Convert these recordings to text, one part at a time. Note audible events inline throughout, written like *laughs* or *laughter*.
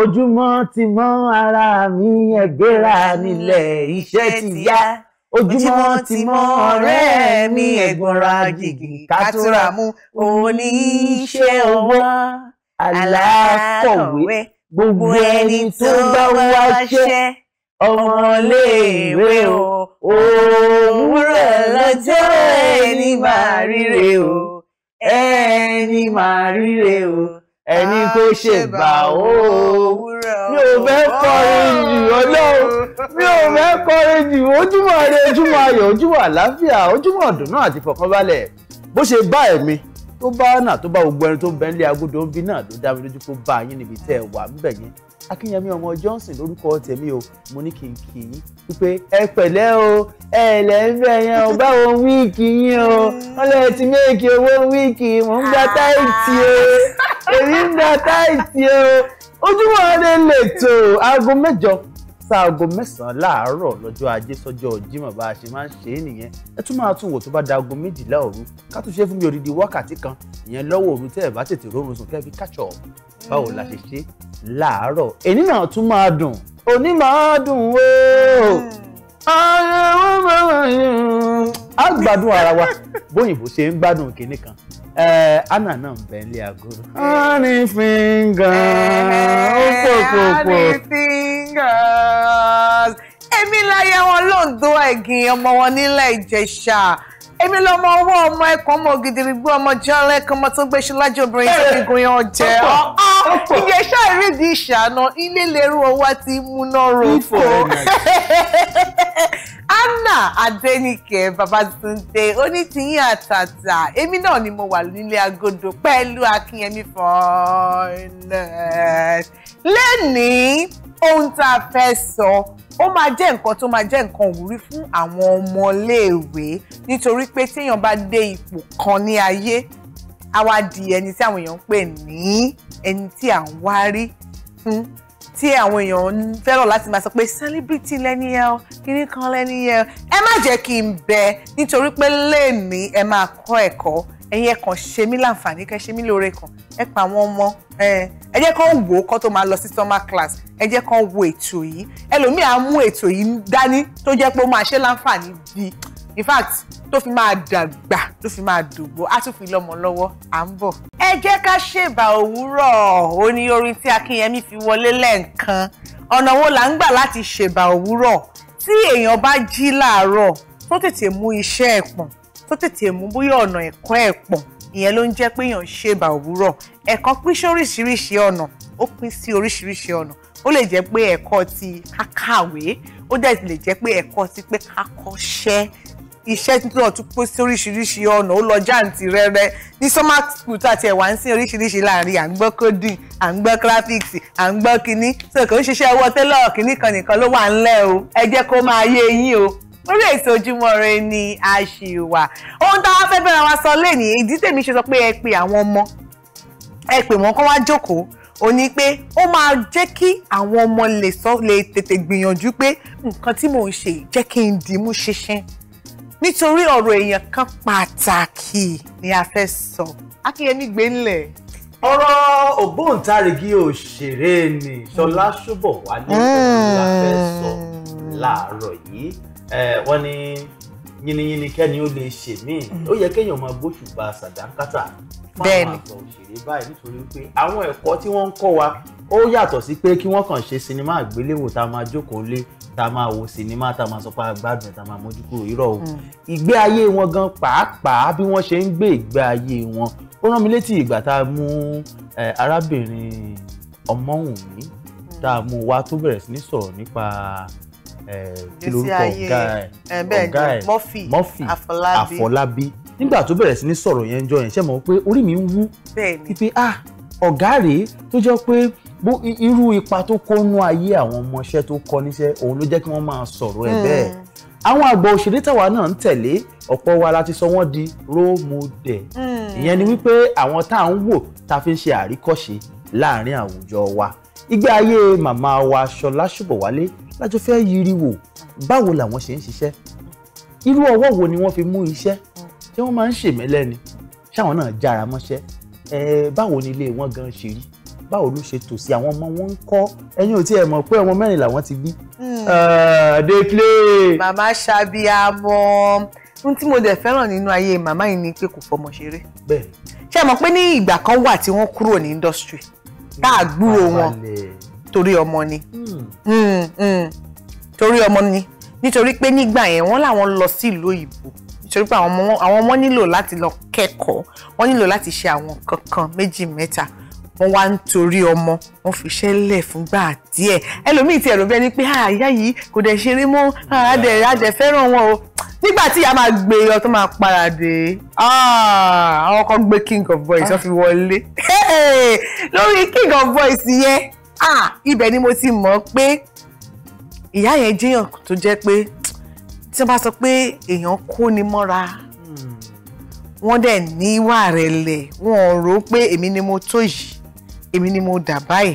ojúmọ́ ti mọ́ ara mi ẹ̀gbéra nílẹ̀ iṣẹ́ ti yá ojúmọ́ ti mọ́ ọ̀rẹ́ mi ẹ̀gbọ́nra jìgì kátúrà mú oníṣẹ́ owó alákọ̀wé gbogbo ẹni tó bá wáṣẹ́ ọmọléèwé o òwúrọ̀ lọ́jọ́ ẹni máa ríre o ẹni máa ríre o ẹni tó ṣègbà ó mi ò fẹ́ kọrin jù ọlọ́run mi ò fẹ́ kọrin jù ojúmọ́ rẹ ojúmọ́ ayọ̀ ojúmọ́ àlàáfíà ojúmọ́ ọ̀dùnnú àti ìfọ̀kànbalẹ̀ bó ṣe bá ẹ̀mí tó bá náà tó bá gbogbo ẹni tó ń bẹ nílé ń bí náà ló dá mi lójú kó bá yín níbi tẹ́ ẹ wà ń bẹ̀ yín akínyẹmí ọmọ johnson lórúkọ tèmi o mo ní kí n kì í wípé ẹ pẹ̀lẹ́ o ẹ lẹ́ ń bẹ̀ yẹn o báwo wíìkì yín o wọ́n lè ti méèkì owó wíìkì mò ń gba táìtì o èmi ń gba táìtì o ojúmọ́ ire lètò aago mẹ́jọ sáago mẹ́sàn-án láàárọ̀ lọ́jọ́ ajé sọ́jọ́ jímọ̀ bá a ṣe máa ń ṣe é nìyẹn ẹ tún máa tún wò tó bá da aago méjìlá òru ká tún ṣe fún mi odidi wákàtí kan ìyẹn lọ́wọ́ òru tẹ́ ẹ̀ bá tètè rórun sùn kẹ́ fi catch up báwo la ṣe ṣe láàárọ̀ èyí náà tún máa dùn òní máa dùn o a gbádùn ara wa bóyìnbó ṣe ń gbádùn kinní kan eh, anna náà ń bẹ nílé aago. honey fingers eh, ó pọ̀ pọ̀ honey fingers èmi láyé wọn lóńdó ẹ̀gìn ọmọ wọn nílẹ̀ Ìjẹ̀ṣà èmi lọmọ ọwọ́ ọmọ ẹ̀kọ́ ọmọ ògidìrì gbé ọmọ jẹ́lẹ̀ kan ọmọ tó gbé ṣe lájọ obìnrin tó fi gun yan jẹ ọ́ iye iṣẹ́ ìrídìí ìṣàna ilé lérú ọwọ́ ti múná roko *laughs* Anna Adéníkẹ́ Babátúndé Onítìyín àtàtà èmi náà ni mo wà nílé agodo pẹ̀lú Akínyẹmí fọ́ọ̀nà lẹ́nìí ohun tá a fẹ́ sọ ó máa jẹ́ nǹkan tó máa jẹ́ nǹkan òwúrí fún àwọn ọmọléèwé nítorí pé téèyàn bá dé ipò kan ní ayé á wá di ẹni tí àwọn èèyàn ń pè ní ẹni tí à ń wá rí fún hmm? tí àwọn èèyàn fẹ́ràn láti máa sọ pé celebrity lẹ́ni ẹ o kíní kan lẹ́ni ẹ o ẹ má jẹ́ kí n bẹ nítorí pé lẹ́ẹ̀ni ẹ máa kọ́ ẹ̀kọ́ ẹ̀yin ẹ̀ kàn ṣe mí láǹfààní kẹ́ ṣe mí lóore kan ẹ pa àwọn ọmọ ẹ jẹ́ kán wò ó kán tó máa lọ sí summer class ẹ jẹ́ kán wo ètò yìí ẹlòmíì mú ètò yìí dání tó jẹ́ pé ó máa ṣe láǹfààní bíi in fact tó fi máa dàgbà tó fi máa dògbò á tún fi lọ́mọ lọ́wọ́ à ń bọ̀. ẹ jẹ́ ká ṣèbà òwúrọ̀ ó orin tí Akínyẹmí fi wọlé lẹ́ǹkan ọ̀nà wo là ń gbà láti ṣèbà òwúrọ̀ tí èèyàn bá jí láàárọ̀ tó tètè mú iṣẹ́ ẹ̀ tó tètè mú bóyá ọ̀nà ẹ̀kọ́ ẹ̀ pọ̀ ìyẹn ló ń jẹ́ pé èèyàn ṣe bá òwúrọ̀ ẹ̀kọ́ pín sí oríṣiríṣi ọ̀nà ó pín sí oríṣiríṣi ọ̀nà ó lè jẹ́ pé ẹ̀kọ́ ti kákàwé ó dẹ̀ lè jẹ́ pé ẹ̀kọ́ ti pé kákọ́ṣẹ́ iṣẹ́ náà tún pín sí oríṣiríṣi ọ̀nà ó lọ jáǹtì rẹ́rẹ́ ní summer school tá a ti ẹ̀ wá ń sí oríṣiríṣi láàrin à ń gbọ́ coding à ń gbọ́ graphics à ń gbọ́ kínní so kò ń ṣiṣẹ́ ọwọ́ tẹ́lọ̀ kínní kan nìkan ló wà ńlẹ̀ o ẹ jẹ́ kó máa yé yín o lórí ètò ojúmọ́ ire ni a ṣì wà ohun táwa fẹ́ bẹ̀rẹ̀ wa sọ lẹ́nìí ìdí tèmi ṣe sọ pé ẹ pe àwọn ọmọ ẹ pè wọ́n kó wá jókòó ó ní pé ó máa jẹ́ kí àwọn ọmọ lè sọ lè tètè gbìyànjú pé nǹkan tí mò ń ṣe jẹ́ kí n dìímú ṣinṣin nítorí ọ̀rọ̀ èèyàn kan pàtàkì ni a fẹ́ sọ akínyẹmí gbé ńlẹ̀. ọ̀rọ̀ ògbóǹtarìgì òṣèré ni ṣọlá ṣùbọ̀wálé òun la fẹ́ sọ hmm. láàárọ̀ yìí wọ́n ní yínníyínní kẹ́ni ó lè ṣe míì mm. ó yẹ kéèyàn máa gbóṣùbà sàdánkátà fáwọn àgbà òṣèré báyìí nítorí pé àwọn ẹ̀kọ́ tí wọ́n ń kọ́ wa ó yàtọ̀ sí pé kí wọ́n kàn ṣe sinimá àgbéléwò tá a máa jókòó lé tá a máa wo sinimá tá a máa sọ pé agbádùn tá a máa mójú kúrò irọ́ o mm. ìgbé ayé wọn gan pàápàá bí wọ́n ṣe ń gbé ìgbé ayé wọn ó rán mi létí ìgbà tá a mú arábìnrin Ọmọ́wùnmí mm. tá a mú wa tó bẹ̀rẹ̀ sí ní sọ̀rọ̀ nípa Eh, kí lorúkọ ọ̀gá ẹ̀ ọ̀gá ẹ̀ Murphy Àfọlábí nígbà tó bẹ̀rẹ̀ sí ní sọ̀rọ̀ yẹn jọ yẹn ṣe mọ̀ pé orí mi ń wú pípé ah ọ̀gá rèé tó jẹ́ pé irú ipa tó kó nú ayé àwọn ọmọọṣẹ́ tó kọ́ níṣẹ́ òun ló jẹ́ kí wọ́n máa sọ̀rọ̀ ẹ̀ hmm. bẹ́ẹ̀ àwọn àgbà òṣèré tàwa náà ń tẹ̀lé ọ̀pọ̀ wa láti sọ wọ́n di role model hmm. ìyẹn ni wípé àwọn tá à ń wò tá fi ń ṣe àríkọ́ṣe láàárín àwùjọ wa ìgbé ayé màmá wa Ṣọlá Ṣùbọ̀wálé lájọ fẹ́ yiri wò báwo làwọn ṣe ń ṣiṣẹ́ irú ọwọ́ wo ni wọ́n fi mú iṣẹ́ ṣé wọ́n máa ń ṣèmẹ́lẹ́ ni ṣáwọn náà jára mọ́ṣẹ́ ẹ báwo ni ilé wọn gan ṣe rí báwo ló ṣe tòsí àwọn ọmọ wọn ń kọ́ ẹ̀yin ò tí ẹ mọ̀ pé ọmọ mẹ́rin làwọn ti bí. Hmm. dekle. màmá ṣàbíamọ ohun tí mo dẹ̀ fẹ́ràn nínú ayé màmá yìí ni pé kò fọmọ ṣeré. bẹ́ẹ̀. ṣé ẹ mọ̀ pé ní ìgbà kan wà tí wọ́n kúrò ní industry tá a gbúrò wọn torí ọmọ ni hmm. Hmm, hmm. torí ọmọ ni nítorí pé nígbà yẹn wọ́n làwọn lọ sí ìlú òyìnbó nítorí pé àwọn ọmọ nílò láti lọ kẹ́kọ̀ọ́ wọ́n nílò láti ṣe àwọn kankan méjì mẹ́ta wọ́n wá ń torí ọmọ wọ́n fi iṣẹ́ lẹ̀ fúngbà díẹ̀ ẹlòmíì ti ẹ̀rọ bí ẹni pé àyà ah, yìí kò dẹ̀ ṣeré mọ́ àdẹ̀ ah, àdẹ̀ fẹ́ràn wọn o nígbà tí ìyá máa gbé e ọ tó máa para dé ah, àwọn kan gbé king of boys wọ́n fi wọlé *laughs* lórí king of boys yẹn ah ibẹ̀ ni mo ti mọ̀ pé ìyá yẹn jẹ́yàn tó jẹ́ pé tí wọ́n bá sọ pé èèyàn kó ni mọ́ra wọ́n dẹ̀ ní ìwà rẹ̀ lẹ̀ wọ́n rò ó pé èmi ni mo tó yìí èmi ni mo dà báyìí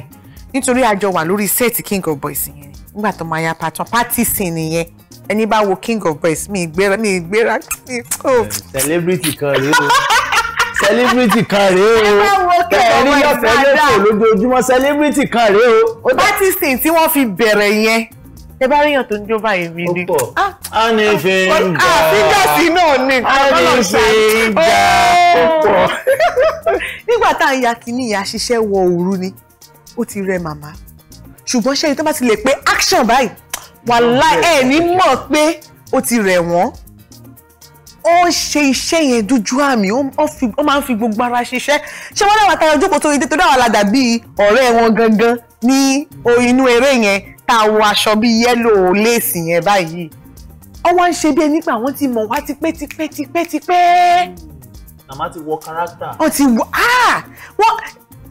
nítorí àjọ wà lórí sẹ́ẹ̀tì king of boys yẹn nígbà tó máa ya pàtàn pátì sí nìyẹn ẹni bá wo king of boys mi ìgbéra mi ìgbéra mi. Oh. celebrity kan rèé o celebrity kan rèé o tẹ́tẹ́ ní lọ́fẹ̀ẹ́ lẹ́kọ̀ọ́ lójoojúmọ́ celebrity kan rèé o. bátìsìn tí wọ́n fi bẹ̀rẹ̀ yẹn tẹ bá ríyàn tó ń jó báyìí mi ni. Ah, a ní ah, ṣe ah, ń gbà á fíjọ́sì náà ni a ní ṣe ń gbà á pọ̀. *laughs* nígbà tá à ń ya kínní ìyá ṣiṣẹ́ wọ òru ni ó ti rẹ màmá ṣùgbọ́n ṣẹ́yìn tó bá ti lè pé action báyìí wàhálà ẹ̀ ní mọ̀ pé ó ti rẹ̀ wọ́n ó ń ṣe iṣẹ́ yẹn dójú àmì ó máa ń fi gbogbo ara ṣiṣẹ́ ṣé wọ́n dáwà táyọ̀ jókòó sórí nítorí àwọn alàgbà bíi ọ̀rẹ́ wọn gangan ní inú eré yẹn tá a wọ aṣọ bíi yẹ́lò léèsì yẹn báyìí wọ́n wá ń ṣe bí ẹni pé àwọn ti mọ̀ wá tipẹ́ tipẹ́ tipẹ́ tipẹ́. màmá ti wọ kárákítà. wọ́n ti wọ ah! wọ́n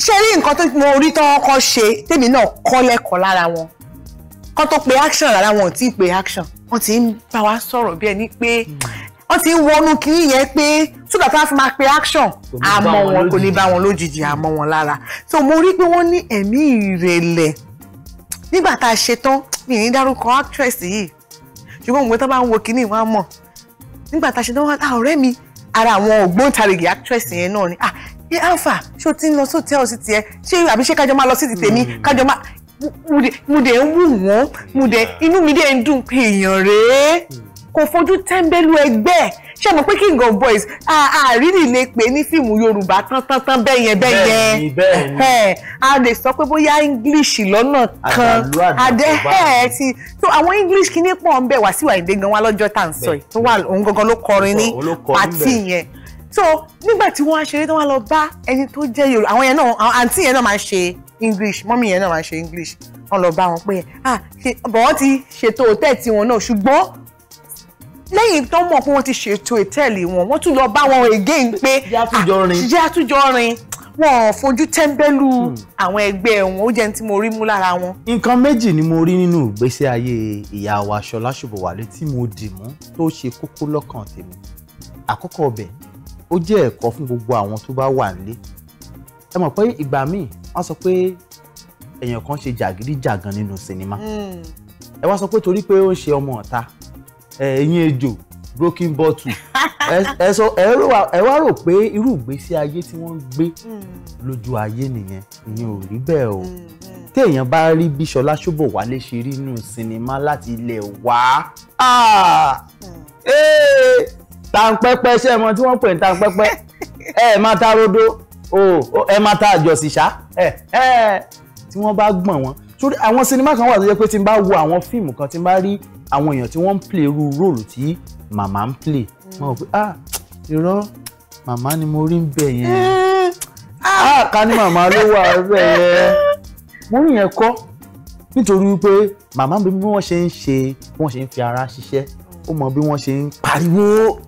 ṣe rí nǹkan tó mo rí tán kọ́ ṣe tèmi náà kọ́ lẹ́kọ̀ọ́ lára wọn kọ́ tó pe action lára wọn ò tí ì pe action wọ́n ti ń bá wa sọ̀rọ̀ bí ẹni pé hmm wọ́n ti ń wọnú kiri yẹn pé sódà tá a fi máa pe action àmọ́ wọn kò ní bá wọn lójijì àmọ́ wọn lára so mo rí pé wọ́n ní ẹ̀mí ìrẹ̀lẹ̀ nígbà tá a ṣe tán mi ní dárúkọ actress yìí ṣùgbọ́n òun tó bá ń wo kinní wọn á mọ̀ nígbà tá a ṣe tán wọn á ah, ọ̀rẹ́ mi ara àwọn ògbóǹtarìgì actress yẹn náà ni ah ẹ alpha ṣé o ti ń lọ sóòtẹ́ọ̀ sí tiẹ̀ ṣé àbí ṣé kájọ máa lọ sí ti tèmi hmm. kájọ máa mo dẹ̀ ń wù wọ́n mo dẹ̀ inú mi dẹ̀ ń dùn pé èèyàn rèé. Hmm kò fojú tẹ́ńbẹ́lú ẹgbẹ́ ẹ̀ ṣé mo pé King of Boys àárírí lè pè ní fíìmù Yorùbá tántán bẹ́yẹn bẹ́yẹn a lè sọ pé bóyá English lọ́nà kan adẹ́hẹ́ ti so àwọn English kìíní pọ̀ ń bẹ̀ wá sí Àyìndé gan wá lọ́jọ́ tá à ń sọ yìí tó wà òun gangan ló kọrin ní pàtì yẹn so nígbà tí wọ́n á ṣeré tí wọ́n lọ bá ẹni tó jẹ́ Yorùbá àwọn yẹn náà àǹtí yẹn náà máa ń ṣe English mọ́mí yẹn náà máa ń ṣe English wọ́n lọ bá wọn pé ah bọ̀ wọ́n ti ṣètò òtẹ́ẹ̀ tí wọn náà ṣùgbọ́n lẹ́yìn tó mọ̀ pé wọ́n ti ṣètò ìtẹ́ẹ̀lì wọn wọ́n tún lọ bá wọn again pé jẹ́ àtújọ rin wọn fojú tẹ́ńbẹ́lú hmm. àwọn ẹgbẹ́ wọn ó jẹ́ tí mo rí mú lára wọn. nǹkan méjì ni mo rí nínú ìgbésí ayé ìyá wa Ṣọlá Ṣòbọ̀wálé tí mo dì mú tó ṣe kókó lọ́kàn tèmi àkọ́kọ́ ọbẹ̀ ó jẹ́ ẹ̀kọ́ fún gbogbo àwọn tó bá wà nílé ẹ mọ̀ pé ìgbà míì wọ́n sọ pé èèyàn kan ṣe jàgídíjàgan nínú sinimá hmm. ẹ wá sọ pé torí pé ó ń ṣe ọmọ ọ̀ta ẹ̀yìn ejò broken bottle *laughs* ẹ sọ ẹ wá rò pé irú ìgbésí ayé tí wọ́n ń gbé hmm. lójú ayé nìyẹn ìyẹn ò rí bẹ́ẹ̀ o hmm, hmm. téèyàn bá rí bí Ṣọlá Ṣóbọ̀wálé ṣe rí nínú sinimá láti ilẹ̀ wá ah! tàǹpẹ́pẹ́ ṣé ẹ mọ tí wọ́n pè ní tàǹpẹ́pẹ́ *laughs* ẹ máa ta rodo ẹ máa ta àjọṣìṣà tí wọ́n bá gbọ̀n wọn sórí àwọn sinimá kan wà tó jẹ́ pé tí n bá wo àwọn fíìmù kan tí n bá rí àwọn èèyàn tí wọ́n ń play irú róòlù tí màmá ń play wọ́n rò pé ah irọ́ màmá ni mo rí ń bẹ̀ yẹn ah! ah ká ní màmá ló wà bẹ̀ yẹn mo rí yẹn kọ́ nítorí wípé màmá mi bí wọ́n ṣe ń ṣe bí wọ́n ṣe ń fi ara ṣiṣẹ́ ó mọ bí wọ́n ṣe ń pariwo hmm.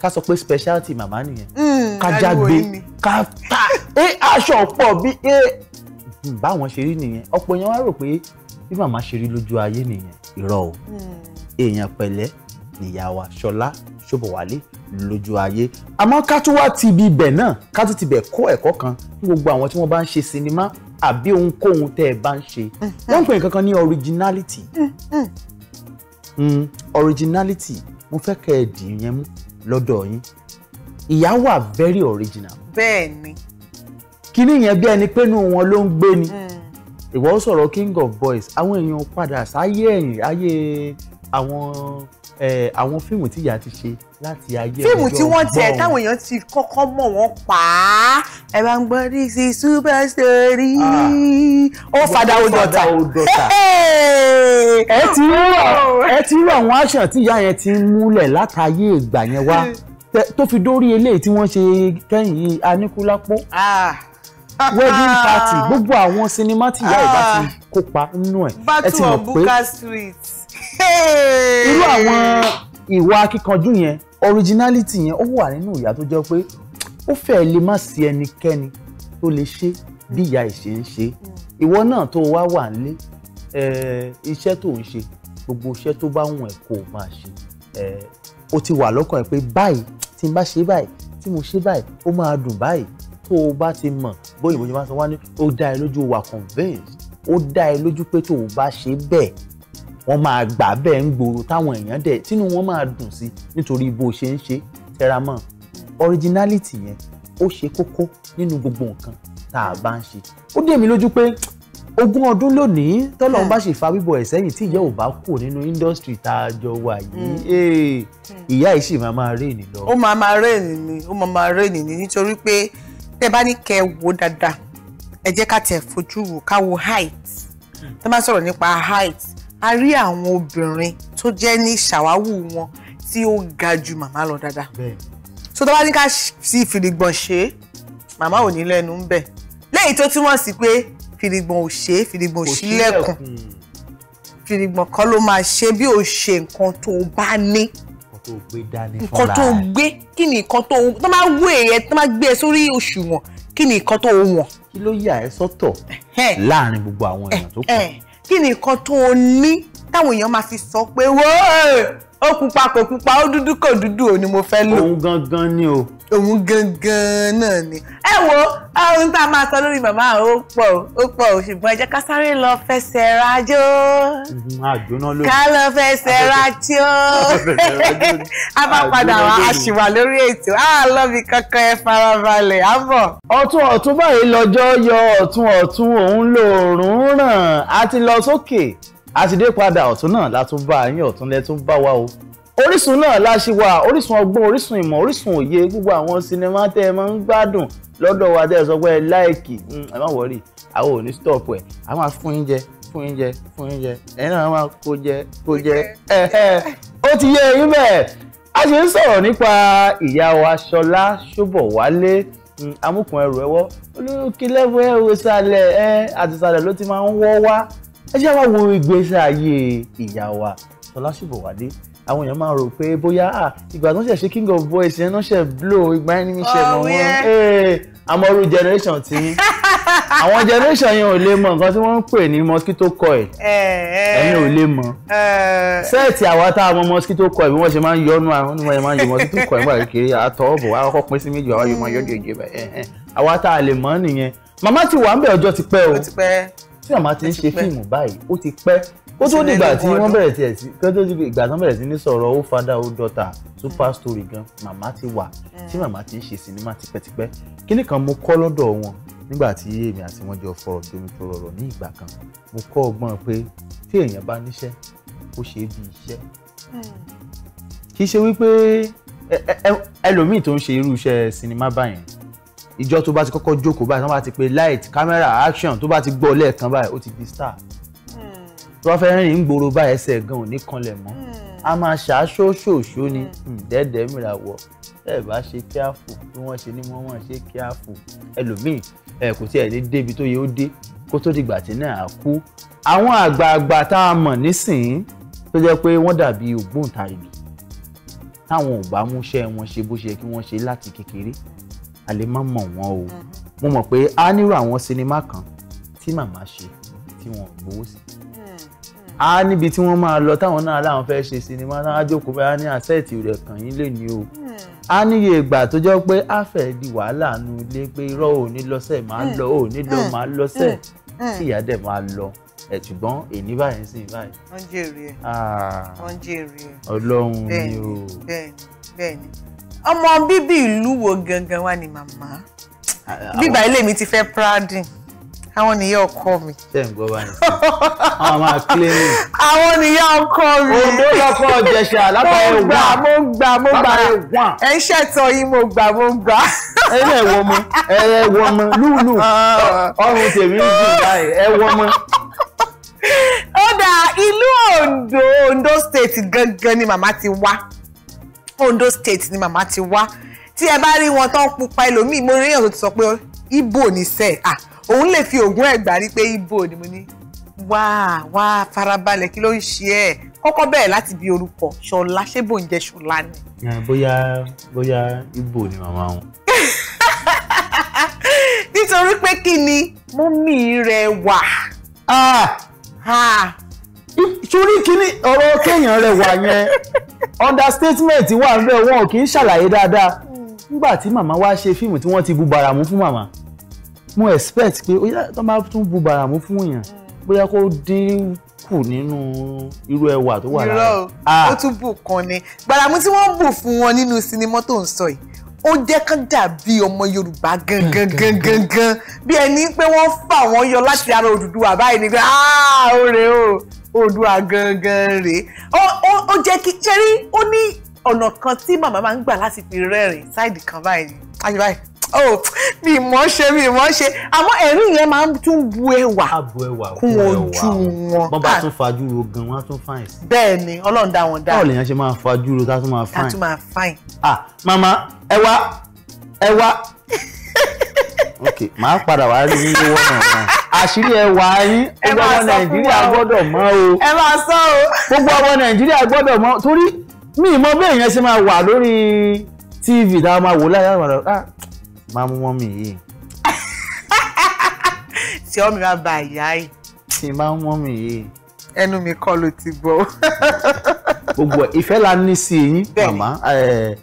ká sọ pé speciality màmá nìyẹn hmm, ká jágbe ká ta ẹ aṣọ pọ̀ bí ẹ hmm, báwọn ṣe rí nìyẹn ọ̀pọ̀ èèyàn wá rò pé bí màmá ṣe rí lójú ayé nìyẹn irọ́ o hmm. èèyàn pẹ̀lẹ́ nìyá wa ṣọlá ṣòbọ̀wálé lójú ayé àmọ́ ká tún wá ti ibi ibẹ̀ náà ká tún ti ibẹ̀ kọ́ ẹ̀kọ́ kan fún gbogbo àwọn tí wọ́n bá ń ṣe sinimá àbí ohunkóhun tẹ́ ẹ bá ń ṣe hmm. wọ́n ń pè nǹkan ní originality hmm. originality mo fẹ́ kẹ́ ẹ dì yẹn mú lọ́dọ̀ yín ìyá wà very original. bẹ́ẹ̀ ni. kíní yẹn bí ẹni pé inú wọn ló ń gbé ni. Mm ìwọ ń sọ̀rọ̀ king of boys àwọn èèyàn padà sáyé ẹ̀yìn ayé àwọn àwọn fíìmù tí ìyá ti ṣe láti ayé ọjọ́ fíìmù tí wọ́n tẹ̀ táwọn èèyàn ti kọ́kọ́ mọ̀ wọ́n pa á ẹ bá ń gbọ́ this is super story ah. ó fada ó dọ̀tà ẹ ti rú ẹ ti rú àwọn àṣà tí ìyá yẹn ti ń múlẹ̀ látàyè ìgbà yẹn wá *laughs* tó fi dórí eléyìí tí wọ́n ṣe kẹ́yìn Aníkúlápó. Ah. *laughs* wedding party gbogbo àwọn sinimá tí ìyá ìbá ti kópa nínú ẹ̀ ẹ ti mọ̀ pé irú àwọn ìwà akíkanjú yẹn originality yẹn ó wà nínú ìyá tó jẹ́ pé ó fẹ́ẹ́ lè má sí ẹnikẹ́ni tó lè ṣe bí ìyá ìṣe ń ṣe ìwọ náà tó wá wà nílé iṣẹ́ tó ń ṣe gbogbo iṣẹ́ tó bá wùn ẹ́ kó o máa ṣe ó ti wà lọ́kàn ẹ̀ pé báyìí tí n bá ṣe báyìí tí mo ṣe báyìí ó máa dùn báyìí tó o bá ti mọ̀ bóyá ìbòjú máa sọ wá ní ó dá ẹ lójú wà convinced ó dá ẹ lójú pé tó o bá ṣe bẹ́ẹ̀ wọ́n máa gbà bẹ́ẹ̀ ń gbòòrò táwọn èèyàn dẹ̀ tínú wọn máa dùn sí nítorí bó ṣe ń ṣe tẹra originality yẹn ó ṣe kókó nínú gbogbo nǹkan tá a bá ń ṣe ó dé mi lójú pé ogún ọdún lónìí tọ́lọ́run bá hmm. ṣe fa bíbọ̀ ẹ̀ sẹ́yìn tí ìyá ò bá kù nínú indọ́sítírì tá a jọ wà yìí hmm. Eh, hmm. ìyá yìí sì máa máa rèé nì lọ. ó máa máa rèé nì ni ó máa máa rèé nì ni nítorí pé tẹ́ bá ní kẹ́ wo dáadáa ẹ jẹ́ ká tẹ̀ fojú wò ká wo height tẹ́ bá sọ̀rọ̀ nípa height a rí àwọn obìnrin tó jẹ́ ní ṣàwáwù wọn tí ó ga ju màmá lọ dáadáa so tó bá ní ká fi fìrìgbọ̀n ṣe màmá ò ní lẹ́nu ń bẹ̀ lẹ́yìn tó túmọ̀ sí pé fìrìgbọ̀n ò ṣe fìrìgbọ̀n ò ṣílẹ̀kùn fìrìgbọ̀n kan ló máa ṣe bí ò ṣe nǹkan tó bá ní tó gbé dání fúnra nǹkan tó gbé kí ni nǹkan tó tó máa wú èyẹ tó máa gbé e sórí òṣùwọ̀n kí ni nǹkan tó wọ̀n. kí ló yà ẹ́ sọ́tọ̀ láàrin gbogbo àwọn èèyàn tó kù. kí ni nǹkan tó ní táwọn èèyàn máa fi sọ pé wọ́ọ̀ ó pupa kò pupa ó dúdú kò dúdú ò ní mo fẹ́ lò. òun gangan ni o. òun gangan náà ni. ẹ wo ohun tá a máa sọ lórí màmá ó pọ̀ ó pọ̀ ṣùgbọ́n ẹ jẹ́ ká sáré lọ fẹsẹ̀ rajó. àjọná lórí. ká lọ fẹsẹ̀ rajó. *laughs* a bá padà wá a sì wà lórí ètò a lọ bí kankan ẹ farabalẹ̀ á bọ̀. ọ̀tún ọ̀tún báyìí lọ́jọ́ yọ ọ̀tún ọ̀tún òun lòórùn ràn á ti lọ sókè àtidé padà ọ̀tún náà la tún bá yín ọ̀tún lẹ tún bá wa o orísun náà la ṣì wà orísun ọgbọ́n orísun ìmọ̀ orísun òye gbogbo àwọn sinimá tẹ́ ẹ máa ń gbádùn lọ́dọ̀ wa tẹ́ ẹ sọ pé ẹ láìkì hmm, ẹ má wọrí àwọn ò ní stop ẹ̀ a máa fún yín jẹ fún yín jẹ fún yín jẹ ẹ náà máa kó jẹ kó jẹ ẹ ẹ ó ti yé yín bẹ́ẹ̀ a ṣe ń sọ̀rọ̀ nípa ìyá wa Ṣọlá Ṣóbọ̀wálé hmm, amúkùn ẹrù ẹwọ́ olókìlẹ́wọ̀ ẹ̀ wò sálẹ̀ ẹ̀ àtìsálẹ̀ ló ti máa ń wọ́ wá ẹ jẹ́ wá wo ìgbésí ayé ìyá wa Tọ́lá Ṣùbọ̀wálé àwọn èèyàn máa rò pé bóyá ìgbà tó ń ṣe king of boys yẹn náà ṣe blow ìgbà yẹn ní ṣe mọ̀ wọ́n àmọ́rú eh, generation tí *laughs* àwọn generation yẹn ò lè mọ nǹkan tí wọ́n ń pè ní mosquito coil eh, eh. ẹ̀yin ò lè mọ sẹ́ẹ̀tì àwa tá mosquito coil bí wọ́n ṣe máa ń yọnu àwọn onímọ̀ yẹn máa ń yọ mosquito coil nígbà kékeré àtọ̀ ọ̀bọ̀ wa kọ́kọ́ pín sí méjì àwa yóò máa yọ ọ́ àwa tá a nìyẹn màmá ti wà ń bẹ̀ ọjọ́ ti pẹ́ o tí àmà ti ń ṣe fíìmù báyìí ó ti pẹ́ ó tó dìgbà tí wọ́n bẹ̀rẹ̀ tiẹ̀ sí kí ó tó dìgbà ìgbà tí wọ́n bẹ̀rẹ̀ sí ní sọ̀rọ̀ ó fada ó dọ́tà super story gan màmá ti wà tí màmá ti ń ṣe sinimá tipẹ́tipẹ́ kíní kan mo kọ́ lọ́dọ̀ wọn nígbà tí èmi àti wọn jọ fọ̀rọ̀ jomi tó rọrọ̀ ní ìgbà kan mo kọ́ ọgbọ́n pé tí èèyàn bá níṣẹ́ ó ṣe é bí iṣẹ́ hmm. kì í ṣe wípé ẹlòmíì tó ń ṣe irú iṣẹ́ sinimá báyẹn ìjọ tó bá ti kọ́kọ́ jókòó báyìí tó bá ti pe light camera action tó bá ti gbọ́ lẹ́ẹ̀kan báyìí ó ti di star hmm. tó bá fẹ́ rìn gbòòrò báyìí ẹsẹ̀ gan ò ní kanlẹ̀ mọ́ hmm. a máa ṣàṣó ṣòṣó ni hmm. dẹ́ẹ̀dẹ́ mìràwọ̀ ẹ bá ṣe kíáfù bí wọ́n ṣe ní wọ́n ṣe kíáfù ẹlòmíì ẹ kò tí ẹ lè débi tó yẹ ó dé kó tó dìgbà tí náà á kú àwọn àgbààgbà tá a mọ̀ nísìnyí tó jẹ́ pé wọ́n dàbí ògbóǹtarìgì táwọn ò bá múṣẹ́ wọn ṣe bó ṣe kí wọ́n ṣe láti kékeré a lè má mọ̀ wọ́n o mm. mo mọ̀ pé a nírò àwọn sinimá kan tí màmá ṣe tí wọ́n gbowó sí mm, a mm. níbi tí wọ́n máa lọ táwọn náà láwọn fẹ́ ṣe sinimá náà á jókòó bá a ní àṣẹ́ẹ̀tì rẹ̀ kàn yín lè ní o a níye ìgbà tó jẹ́ pé a fẹ́ di wàhálà nu ilé pé irọ́ ò ní lọ́sẹ̀ máa lọ ò ní lọ máa lọ́sẹ̀ tí ìyá dẹ̀ máa lọ ẹ ṣùgbọ́n èní báyìí sí báyìí. wọ́n jèrè ẹ̀ ah. wọ́n jèrè ẹ̀ ọlọ́run ni o bẹ́ẹ̀ni bẹ́ẹ̀ni ọmọ bíbí ìlú wo gangan wà ní màmá bíbá ilé mi ti fẹ́ pradin àwọn nìyá ọkọ mi. ṣé n gbọ́ báyìí àwọn máa kílé mi. àwọn nìyá ọkọ mi. ondo lọkọ Ìjẹ̀ṣà látàrí wà. mo gbà mo gbà mo gbà ẹ ń ṣètò yín mo gbà mo gbà. ẹ lẹ wọ ọmọ ẹ lẹ wọ ọmọ lúlù ah. ọrùn tèmi ń dùn báyìí ẹ wọ ọmọ. ó dà ìlú Ondo Ondo state gangan ni màmá ti wá. Ondo State ni màmá ti wá tí ẹ bá rí wọn tán pupa ẹlòmíì mo rí èèyàn tó ti sọ pé Ìgbò ní sẹ à òun lè fi ògùn ẹgbàá rí pé Ìgbò ni mo ní wá wá farabalẹ̀ kí ló ń ṣe ẹ̀ kọ́kọ́ bẹ̀rẹ̀ láti bí orúkọ ṣọlá ṣé bò ń jẹ ṣọlá ni. bóyá bóyá Ìgbò ni màmá wọn. *laughs* nítorí pé kí ni mọ́mì rẹ̀ wà. Ah! sórí kíní ọ̀rọ̀ kéèyàn rẹ̀ wà yẹn understatement wà ń bẹ̀ wọn ò kì í ṣàlàyé dáadáa nígbà tí màmá wa ṣe fíìmù tí wọ́n ti bu bàràmú fún màmá mo expect pé ó yá tó máa tún bu bàràmú fún èèyàn bóyá kó dín kù nínú irú ẹwà tó wà lára. irọ́ ó ah. tún bù kan ni bàràmú tí wọ́n bù fún wọn nínú sinimá tó ń sọ yìí ó jẹ́ kán dàbí ọmọ yorùbá gangan gangan gan bí ẹni pé wọ́n fà wọ́n yọ láti ara Odùduwà báyìí nígbà áá ah, ó rèé o. Oòduà gangan rèé ó jẹ́ kí ṣẹ́rí ó ní ọ̀nà kan tí màmá máa ń gbà láti fi rẹ́rìn sáìdì kan báyìí àyè báyìí oh mi mọ̀ ṣe mi mọ̀ ṣe àmọ́ ẹ̀rín yẹn máa ń tún bu ẹwà kún ojú wọn. bọ́n bá ah. tún fajúro gan wọ́n á tún fàìn sí. bẹ́ẹ̀ ni ọlọ́run dá wọn dá. báwo lèèyàn ṣe máa fajúro ká tún máa fàìn. ká tún máa fàìn. ah mama ẹ wá ẹ wá *laughs* ok màá padà wá rí yín lówó náà náà àṣírí ẹwà yín gbogbo ọmọ nàìjíríà gbọ́dọ̀ mọ̀ o ẹ máa sọ o gbogbo ọmọ nàìjíríà gbọ́dọ̀ mọ̀ torí mi mọ bẹ́ẹ̀ yẹn ṣe máa wà lórí tv táwọn máa wò láyé àwọn ọ̀rọ̀ ah máa mú mọ́mì yìí. tí *laughs* ọmọ mi máa ba ìyá yìí. tí máa mú mọ́mì yìí. ẹnu mi kọ́ ló ti gbọ́. *laughs* gbogbo ìfẹ́ la ní sí yín màmá eh,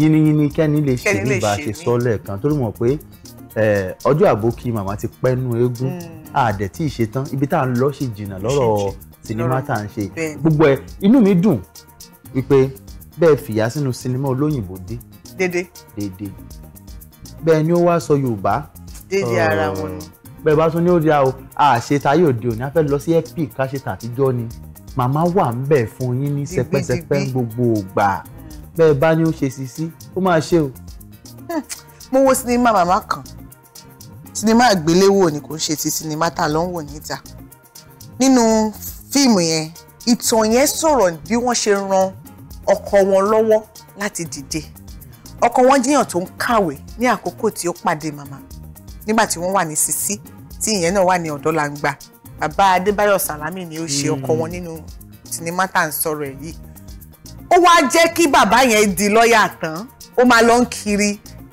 yínníyínní kẹ́ni lè ṣe bí bá a ṣe sọ lẹ́ẹ̀kan torí mọ̀ pé ọjọ́ àbò kí màmá ti pẹ́ nú eégún àdẹ̀ hmm. tí ì ṣe tán ibi tá à ń lọ ṣì jìnnà lọ́rọ̀ sinimá tá à ń ṣe gbogbo ẹ̀ inú mi dùn wípé bẹ́ẹ̀ fìyà sínú sinimá olóyìnbó dé. dédé. dédé bẹ́ẹ̀ ni ó wá sọ yorùbá. dédé ara wọn ni. bẹ́ẹ̀ bá tún ní ó di àwọn àṣetayé òde òní a fẹ́ lọ sí epic káṣe tàtijọ́ ni màmá wà ń bẹ̀ fún yín ní sẹpẹsẹpẹ gbogbo ògbà bẹ́ẹ̀ bá ní ó ṣe sí ó máa ṣe o. mo wo sinimá màmá kan sinimá àgbéléwò ni kò ń ṣe ti sinimá tá a lọ ń wò níta nínú fíìmù yẹn ìtàn yẹn sọ̀rọ̀ bí wọ́n ṣe ran ọkọ wọn lọ́wọ́ láti dìde ọkọ wọn jẹ́yàn tó ń kàwé ní àkókò tí ó pàdé màmá nígbà tí wọ́n wà ní sisi tí ìyẹn náà wà ní ọ̀dọ́ làǹgbà bàbá Adébáyọ̀ Sàlámì ni ó ṣe ọkọ wọn nínú sinimá tá à ń sọ̀rọ̀ ẹ̀ yìí ó wá jẹ́ kí bàbá yẹn di lọ́ọ̀yà tán ó máa lọ ń kiri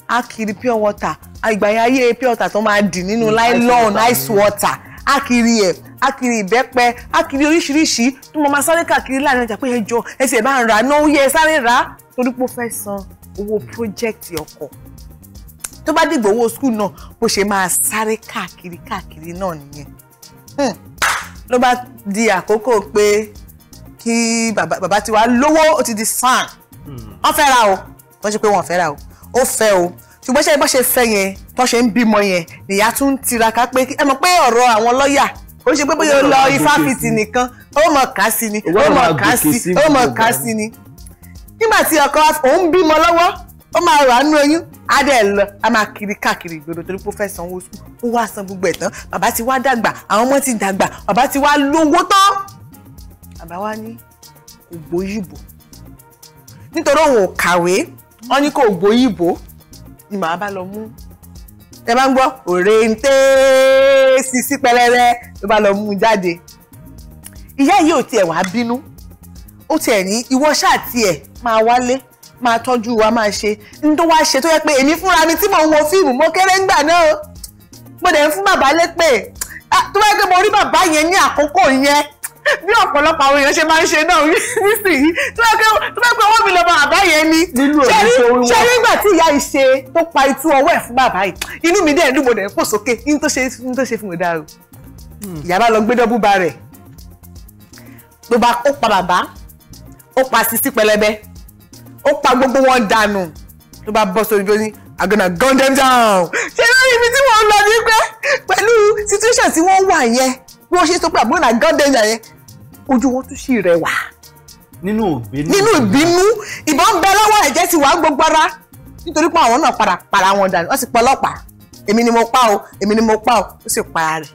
á kiri pure water àgbàyà ayé pure water tó máa dì nínú mm, nylon ice water á kiri ẹ̀ á kiri ìbẹ́pẹ á kiri oríṣiríṣi tó máa sáré káàkiri láàrin ọjà pé ẹjọ ẹsẹ̀ bá ń rà náà ó yẹ sáré rà á torí pé ó fẹ́ san owó project ọkọ̀ tó bá dìgbò owó school náà bó ṣe máa sáré káàkiri káàkiri náà nìyẹn hmm. ló bá di àkókò pé kí bàbá tiwa lówó ó ti di sàn hmm. wọ́n fẹ́ ra o wọ́n ṣe pé wọ́n fẹ́ ra o ó fẹ́ o ṣùgbọ́n ṣe bá ṣe fẹ́ yẹn tó ṣe ń bímọ yẹn nìyá tún tiraka pé ẹ mọ̀ pé ọ̀rọ̀ àwọn lọ́ọ̀yà ó ṣe pé bóyá ó lọ ifáfitì nìkan ó mọ̀ ká sí ni ó mọ̀ ká sí ó mọ̀ ká sí ni nígbà tí ọkọ òun bímọ lọ́wọ́ ó máa rà nínú oyún á dẹ̀ lọ á máa kiri káàkiri ìgboro torí pé ó fẹ́ sanwó sùn ó wá san gbogbo ẹ̀ tán bàbá ti wá dàgbà àwọn ọmọ ti dàgbà bàbá ti wá lówó tán bàbá wa ní ògbóyìnbó nítorí òun ò kàwé wọ́n ní kò gbóyìnbó ni màá bá lọ mú ẹ bá ń gbọ́ òrèǹté sisi pẹlẹrẹ ló bá lọ mú jáde ìyá yìí ò tiẹ̀ wá bínú ó tiẹ̀ ní ìwọ ṣáà tiẹ̀ máa wálé máa tọ́jú wa máa ṣe ní tó wá ṣe tó yẹ pé èmi fúnra mi tí mò ń wo fíìmù mo kéré ńgbà náà mo dẹ̀ ń fún bàbá lépè ah, tó bá yẹ pé mo rí bàbá yẹn ní àkókò yẹn bí ọ̀pọ̀lọpọ̀ àwọn èèyàn ṣe máa ń ṣe náà nísìnyí tó fẹ́ pé tó fẹ́ pé owó mi lọ bá bàbá yẹn ní. nínú èyí tó wíwọ́ ṣé nígbà tí ìyá yìí ṣe tó pa itú ọwọ́ ẹ̀ fún bàbá yìí inú mi dẹ̀ dùn mo dẹ̀ pò sókè ní tó ṣe ní tó ṣe fún mi dáa o. Hmm. ìyá bá lọ gbé dọ́bù ba rẹ̀ ló bá ó pa bàbá ó pa sisi pẹlẹbẹ ó pa gbogbo wọn dànù ló bá bọ́ sórí bí I'm gonna gun them down. ṣé lórí ibi tí wọ́n lọ ní pẹ́ pẹ̀lú situation tí wọ́n wà yẹn bí wọ́n ṣe sọ pé I'm gonna gun them down yẹn ojú wọn tún sì rẹwà. nínú ìbínú nínú ìbínú ìbọn bẹ lọ́wọ́ ẹ̀jẹ̀ ti wà gbogbo ara nítorí pé àwọn náà padà para wọn dànù wọ́n sì pa ọlọ́pàá èmi ni mo pa o èmi ni mo pa o ó sì para rẹ̀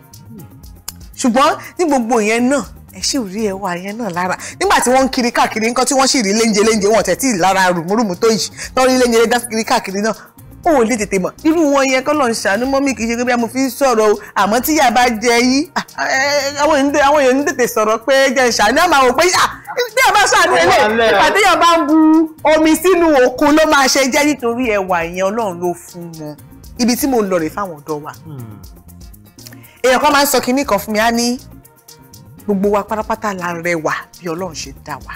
ṣùgbọ́n ní gbogbo ìyẹn náà ẹ ṣì rí ẹwà yẹn náà lára nígbà tí wọ́n ń kiri káàkiri nǹkan tí wọ́n sì rí léńjẹ wọn tẹ̀ tí ì lára rùmúrùmú tó yìí tọ́ rí káàkiri náà o ò lè tètè mọ̀ irú wọn yẹn kọ́ lọ ń ṣàánú mọ́ mi kì í ṣe bí a mo fi ń sọ̀rọ̀ o àmọ́ tí yà bá jẹ yí ah, eh, àwọn èèyàn ń tètè sọ̀rọ̀ pé jẹ́ ṣàánú àmọ́ àwọn pé ah, tí yà bá ṣàánú ẹ̀ lẹ̀ ìpàdé yà bá bu omi sínú òkun ló máa ṣe jẹ́ nítorí ẹwà yẹn Ọlọ́run ló fún wọn ibi tí mo ń lọ rè fáwọn ọ̀dọ́ wa hmm. èèyàn kan máa ń sọ kinní kan fún mi á ní gbogbo wa pátápátá la rẹwà bí Ọlọ́run ṣe dá wa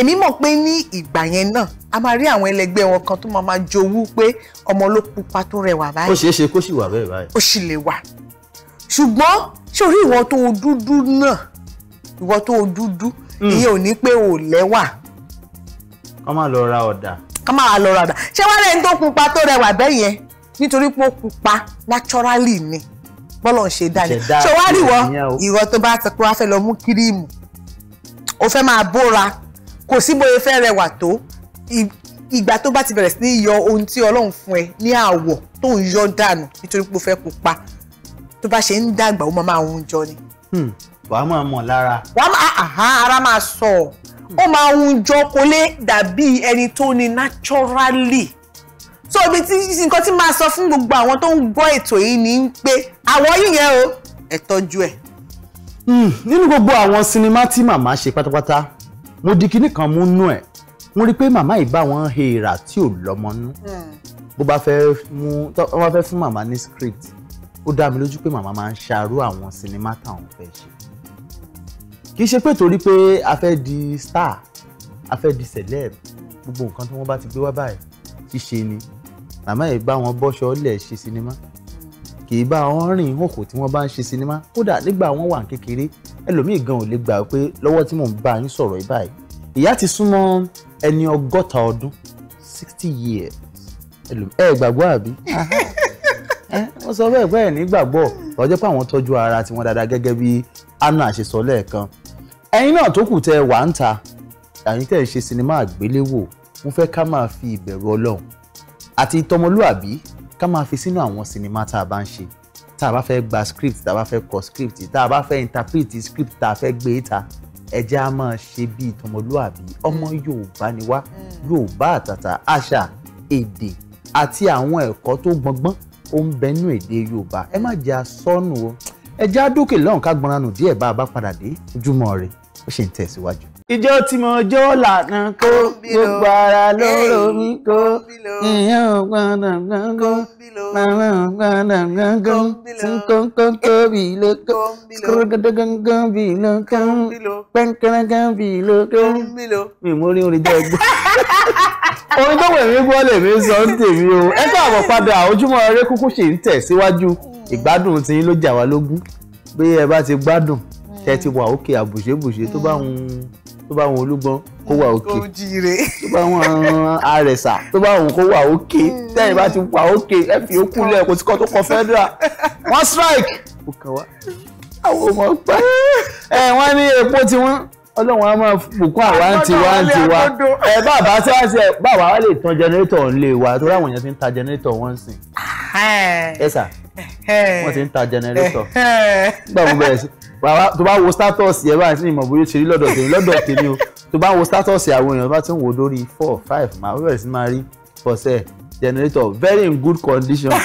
èmi mọ̀ pé ní ìgbà yẹn náà a máa rí àwọn ẹlẹgbẹ́ wọn kan tó máa máa jowú pé ọmọ ló pupa tó rẹwà báyìí. ó ṣeé ṣe kó sì wà bẹ́ẹ̀ báyìí. ó sì lè wà ṣùgbọ́n sórí ìwọ tó o dúdú náà ìwọ tó o dúdú hmm. ìyẹn ò ní pé o lẹ́wà. kọ́ máa lọ ra ọ̀dà. kọ́ máa lọ ra ọ̀dà ṣé wàá lẹ́yìn tó pupa tó rẹwà bẹ́ẹ̀ yẹn nítorí pé ó pupa naturally ni bọ́lọ̀ ń ṣe dáa ni ṣé wàá rí ìwọ ìwọ tó bá kò sí bóyá fẹ́ rẹwà tó ìgbà tó bá ti bẹ̀rẹ̀ sí ní yọ ohun tí ọlọ́run fún ẹ ní àwọ̀ tó ń yọ dànù nítorí pé o fẹ́ pupa tó bá ṣe ń dàgbà ó máa máa hun jọ ni. Hmm. wàá máa mọ̀ lára. wàá máa ara máa sọ ó máa hun jọ kó lè dàbí ẹni tó ní naturally so ibi tí nǹkan tí máa sọ fún gbogbo àwọn tó ń gbọ́ ètò yìí ni pé àwọn yìí yẹn o ẹ tọ́jú ẹ̀. Hmm. nínú gbogbo àwọn sinimá tí màmá ṣe pátápátá mo di kinní kan mú nú ẹ̀ wọ́n rí i pé màmá yìí bá wọn hèèrà tí ò lọ́mọ nú hmm. bó bá fẹ́ mú wọ́n bá fẹ́ fún màmá ní script ó dá mi lójú pé màmá máa ń ṣàrú àwọn sinimá táwọn fẹ́ ṣe kì í ṣe pé torí pé a fẹ́ di star a fẹ́ di celeb gbogbo nǹkan tí wọ́n bá ti gbé wá báyìí ṣíṣe ni màmá yìí bá wọn bọ́ṣọ lẹ̀ ṣe sinimá kì í bá wọn rìn ìhòòhò tí wọ́n bá ń ṣe sinimá kódà nígbà wọn wà kékeré ẹlòmíì gan ò lè gbà pé lọ́wọ́ tí mò ń bá yín sọ̀rọ̀ yìí báyìí ìyá ti súnmọ́ ẹni ọgọ́ta ọdún sixty years ẹ gbàgbọ́ àbí wọ́n sọ bẹ́ẹ̀ bẹ́ẹ̀ nígbàgbọ́ ọjọ́ pé àwọn tọ́jú ara tiwọn dáadáa gẹ́gẹ́ bí anna ṣe sọ lẹ́ẹ̀kan ẹ̀yin náà tó kù tẹ wà ń ta ẹ̀yin tẹ̀ ń ṣe sinimá àgbéléwò mo fẹ́ ká máa fi ìbẹ̀rù ọlọ́run àti ìtọmọlúàbí ká máa fi sínú àwọn sinimá tá a bá ń ṣe tá a bá fẹ́ gba script tá a bá fẹ́ kọ script tá a bá fẹ́ interpret script tá a fẹ́ gbé ta ẹ jẹ́ a máa ṣe bíi tọmọlúàbí ọmọ Yorùbá ni wá hmm. Yorùbá àtàtà àṣà èdè àti àwọn ẹ̀kọ́ tó gbọngbọ́n ó ń bẹnú èdè Yorùbá ẹ má jẹ́ asọ́nù o ẹ jẹ́ àdókè lọ́hùn ká gbọ́nranù díẹ̀ bá a bá padà dé Ojúmọ́ Ire ó ṣì ń tẹ̀síwájú ìjọ tí mo jó lànà kó gbogbo ara lóró mi kó ìyá ògbọ́nà gbọ́ngó màmá ògbọ́nà gbọ́ngó kókókó bì lóko kókókó bì lóko pẹ́ńkẹ́rẹ́kẹ́ bì lóko. mi mo rí orin jẹ́ gbọ́. orin tó wẹ̀mí gbọ́ lèmi sọ ń tèmi o ẹ káàbọ̀ padà ojúmọ́ eré kúkú ṣì ń tẹ̀ síwájú ìgbádùn tí ló jà wá lógún bí ẹ bá ti gbádùn tẹ́ ti wà òkè àbùṣebùṣe tó bá ń tó bá wọn olúgbọ́n kó wà òkè tó bá wọn àrẹ̀sà tó bá wọn kó wà òkè hmm. tẹ́yìn bá ti wà òkè ẹ fi òkú lẹ̀ kò sí kọ́ tó kọ federal wọ́n strike kò kàn wá àwọn ọmọ pa ẹ wọ́n ní epo tí wọ́n ọlọ́run máa bùkún àwa ń tiwa ń tiwa ẹ bàbá tí wọ́n ṣe bàbá wa lè tan jẹnẹrétọ̀ ńlé wa torí àwọn èèyàn ti ń ta jẹnẹrétọ̀ wọ́n sìn ẹ sà wọ́n ti ń ta jẹnẹrétọ̀ nígbà bẹ̀rẹ̀ sí tó bá wo status yẹ báyìí tí mo bóyá ṣe rí lọ́dọ̀ tèmi lọ́dọ̀ tèmi o tó bá wo status àwọn èèyàn bá ti ń wò lórí four five máa bẹ̀rẹ̀ sí máa rí fọ̀sẹ̀ generator very in good condition *laughs*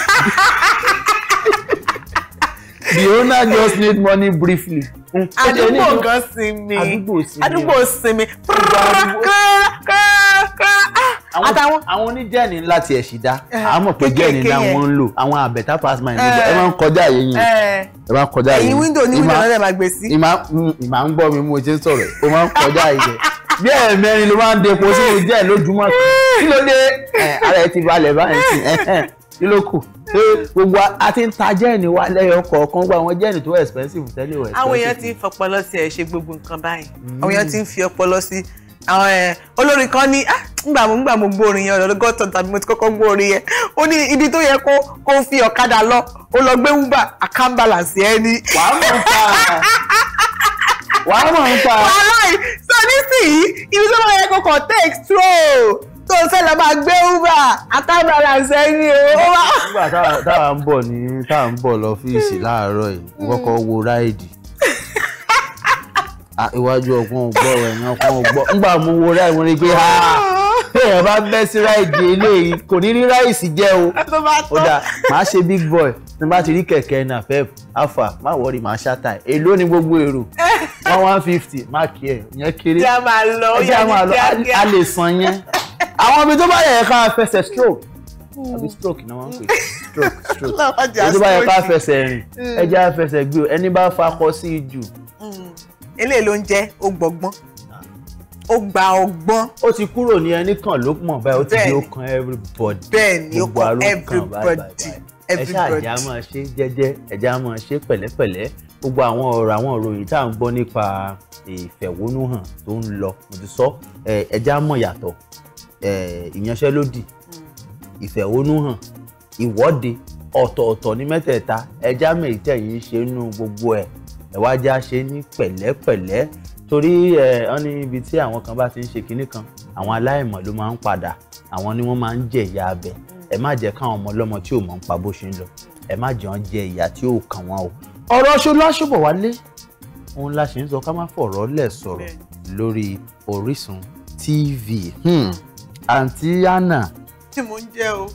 the owner just need money briefly. Hmm. àdúgbò kan sinmi àdúgbò sinmi àdúgbò sinmi kúrò kúrò kúrò àtàwọn àwọn oníjẹ́ẹ̀nì ńlá tiẹ̀ sì dá àmọ̀ eh, pé jẹ́ẹ̀nì náà wọ́n ń lò àwọn àbẹ̀tà pass my neighbor ẹ eh. máa ń kọjá yẹn yẹn eh. ẹ máa ń kọjá yẹn ẹ̀yin wíńdò ní wíńdò náà máa gbé sí. ìmà mm, ń gbọ́ mi mo ṣe ń sọ̀rọ̀ ó máa ń kọjá yẹn bí ẹ̀ẹ̀mẹrin ló máa ń depo sínú jẹ́ẹ̀ lójúmọ́ kí ló dé ara ẹ ti balẹ̀ báyìí sí kí ló kù gbogbo a ti ń ta jẹ́ẹ̀nì wa lẹ́yọ kọ̀ọ̀kan gba àwọn jẹ́ẹ̀nì tó expensive tẹ́lẹ̀ wọ̀ àwọn èèyàn ti fọpọlọ sí ẹ ṣe gbogbo nǹkan báyìí mm. àwọn èèyàn ti ń fi ọpọlọ sí àwọn eh, olórin kan ní ah, ngbà mo ngbà mo gbọ́ orin yẹn ọ̀dọ̀ gọ́tọ̀ mo ti kọ́kọ́ orin yẹn ó ní ibi tó yẹ kó kó fi lọ ó lọ gbé uber account ẹ ní. wà á mọ̀ n pa wà á mọ̀ n pa. wàláì sọ nísìnyí ibi tó máa yẹ kó kàn take stroll tó o fẹ́ máa gbé uber account ẹ ní o. nígbà táwa ń bọ̀ ní táwa ń bọ̀ lọ́fíìsì láàárọ̀ yìí kọ́kọ́ wo ráìdì. Ah, iwájú ọpọ́n ògbọ́ rẹ̀ ni ọpọ́n ògbọ́ ńgbà mo wo ráì mo rí pé ha èèyàn bá bẹ́ sí ráìdì eléyìí kò ní rí ráìsì jẹ́ o ó dà máa ṣe big boy tí bá ti rí kẹ̀kẹ́ nafep alfa má wọrí máa ṣáta èló ni gbogbo èrò one one fifty má kí ẹ ìyẹn kéré ẹ jẹ́ àwọn àlọ́ a lè san yẹn àwọn ibi tó bá yẹ ká fẹsẹ̀ stroke hmm. àbí stroke náà wọ́n ń pè stroke stroke èyí *laughs* tó bá yẹ ká fẹsẹ̀ rìn ẹ jẹ́ àfẹsẹ̀ gbé o ẹni bá fakọ sí i jù hmm eléyìí ló ń jẹ́ ó gbọ́gbọ́n ó gba ọgbọ́n. ó ti kúrò ní ẹni kan ló mọ̀ báyìí ó ti di ó kan everybody. bẹ́ẹ̀ni ó kan everybody everybody. ẹ̀ṣá ẹ̀já máa ṣe jẹ́jẹ́ ẹ̀já máa ṣe pẹ̀lẹ́pẹ̀lẹ́ gbogbo àwọn ọ̀rọ̀ àwọn ìròyìn tá à ń gbọ́ nípa ìfẹ̀hónúhàn tó ń lọ mo ti sọ ẹ̀já mọ̀ yàtọ̀ ìyanṣẹ́lódì ìfẹ̀hónúhàn ìwọ́de ọ̀tọ̀ọ̀tọ̀ ní mẹ́tẹ̀ẹ̀ta ẹ̀já mẹ́tẹ̀ẹ̀yìn ṣe nínú gbogbo ẹ̀ ẹ wá já ṣe ní pẹ̀lẹ́pẹ̀lẹ́ torí ẹ ọ ní ibi tí àwọn kan bá ti ń ṣe kinní kan àwọn aláìmọ̀ ló máa ń padà àwọn ni wọ́n máa ń jẹ ìyà abẹ ẹ má jẹ́ káwọn ọmọ ọlọ́mọ tí ò mọ̀ ń pa bó ṣe ń lọ ẹ má jẹ́ wọn jẹ ìyà tí ò kàn wọ́n o ọ̀rọ̀ Ṣọlá Ṣóbọ̀wálé òun la ṣe ń sọ ká má fọ̀rọ̀ lẹ̀ sọ̀rọ̀ lórí Orísun TV hmm. àǹtí Anna. tí mo ń jẹ́ o.